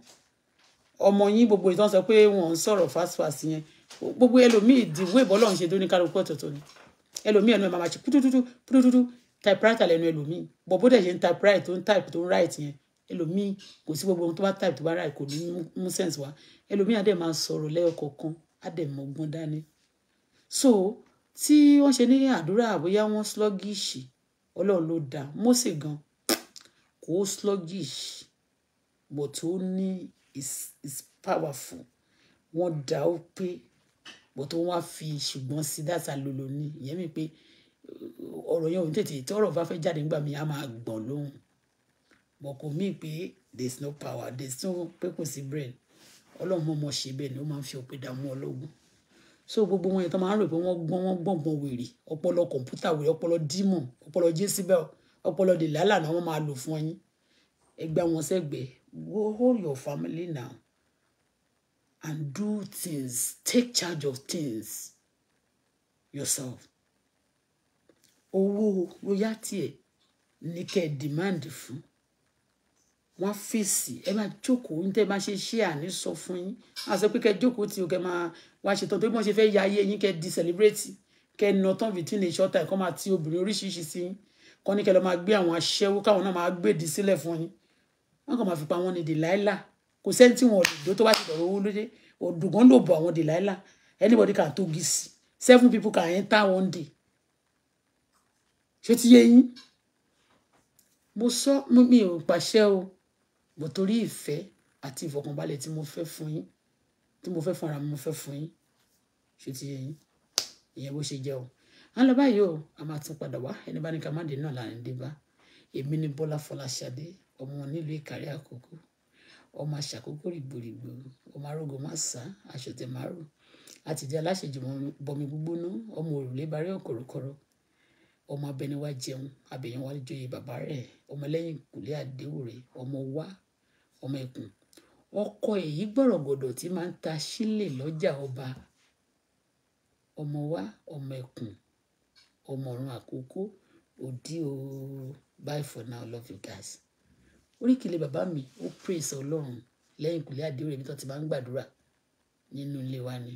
ọmọ yín gbogbo ìtàn sọ pé wọn ń sọ̀rọ̀ fast fast yẹn gbogbo ẹlòmíì ìdìbò ìbọn lọ́hún ṣe tó ní kálukú ọ̀tọ̀ọ̀tọ̀ ni ẹlòmíì ẹnu ẹ̀ máa ma ṣe pútútútú pútútútú typewriter lẹ́nu ẹlòmíì bọ̀bọ́dẹ̀ ṣe ń typewriter tó ń type tó ń write yẹn ẹlòmíì kò sí gbogbo ohun tó bá type tó bá ra kò ní mú sense wá ẹlòmíì á dẹ̀ máa sọ̀rọ̀ lẹ́ọ̀kọ̀ọ̀kan á dẹ̀ mọ̀gbọ́n dání. so tí wọ́n ṣe ní àdúrà bóyá wọ́n sluggish ọlọ́run ló dáa Mósè gan kò sluggish but ó ní is is powerful wọ́n dá ó pé but wọ́n wá fi ṣùgbọ́n sí dáta lolo ní ìyẹn mi pé ọ̀rọ̀ yẹn ò ní tètè tọ́rọ̀ bá fẹ́ jáde nígbà mi á máa gbọ̀n lóhùn but kò mí pé there is no power there is no pé kò sí brain ọlọ́run mọ́ ọmọ ṣe bẹ́ẹ̀ ni ó máa ń fi òpè dààmú ọlọ́gun so gbogbo wọn yẹn tó máa ń rò pé wọ́n gbọ́n wọ́n gbọ́n gbọ́n wèrè ọpọlọ kọ̀ǹpútà wèrè ọpọlọ dímọ̀ ọpọlọ jésìbẹ́ọ̀ ọpọlọ dèlálà náà wọ́n máa lò fún yín ẹgbẹ́ wọn sẹ́gbẹ̀ẹ́ go hold your family now and do things take charge of things yourself owó royalty ẹ̀ ní kẹ́ ẹ̀ demand fún wọ́n fèsì ẹ máa jókòó ní tẹ́ máa ṣe ṣé àní sọ fún yín a sọ pé kẹ́ jókòó tí o kẹ́ máa wá ṣetán torí wọ́n ṣe fẹ́ ya ayé yín kẹ́ di celebrate kẹ́ nà tán between each other kọ́ máa ti obìnrin oríṣiríṣi sí yín kọ́ ní kẹ́ lọ́ máa gbé àwọn aṣẹ́wó káwọn náà máa gbèdì sílẹ̀ fún yín wọ́n kàn máa fi pa wọn ní dìláìlà kò sẹ́ni tí wọn òdòdó tó bá ti dọ̀rọ̀ owó lóde òdùgán ló bọ̀ àwọn dìláìlà anybody can tó gi sí seven people can enter one day ṣé ti yé yín mo sọ mi ò pàṣẹ o bọ̀ torí ìfẹ́ àti ìfọkànbalẹ̀ tí mo fẹ́ fún yín tí mo fẹ́ fún ara mi mo fẹ́ fún yín ṣe ti yẹn ìyẹn bó ṣe jẹ́ o à ń lọ báyìí o a máa tún padà wá ẹni bá ní ká má dé náà là ń dé bá èmi ni Bọ́lá Fọláṣadé ọmọ nílùú Ìkàrẹ́ Àkókò ọmọ aṣàkókò rìgbòrìgbò ọmọ arógo má sá aṣọ tẹ márùn àtìdí aláṣejù bọmi gbígbóná ọmọ òrùlé barí ọkọrọkọrọ ọmọ abẹni wa jẹun abẹyẹn wa jọyè bàbá rẹ̀ ọmọ lẹ́yìn kùlé àdéhùrè ọmọ wa ọmọ ẹkùn ọkọ èyí gbọ̀rọ̀gọ̀dọ̀ tí máa ń ta sílè lọ́jà ọba ọmọ wa ọmọ ẹkùn ọmọ ọ̀run àkókò òdi o bye for now love you guys oríkìlẹ̀ bàbá mi ó praise ọlọ́run lẹ́yìn kùlé àdéhùrè mi tó ti máa ń gbàdúrà nínú ilé wa ni.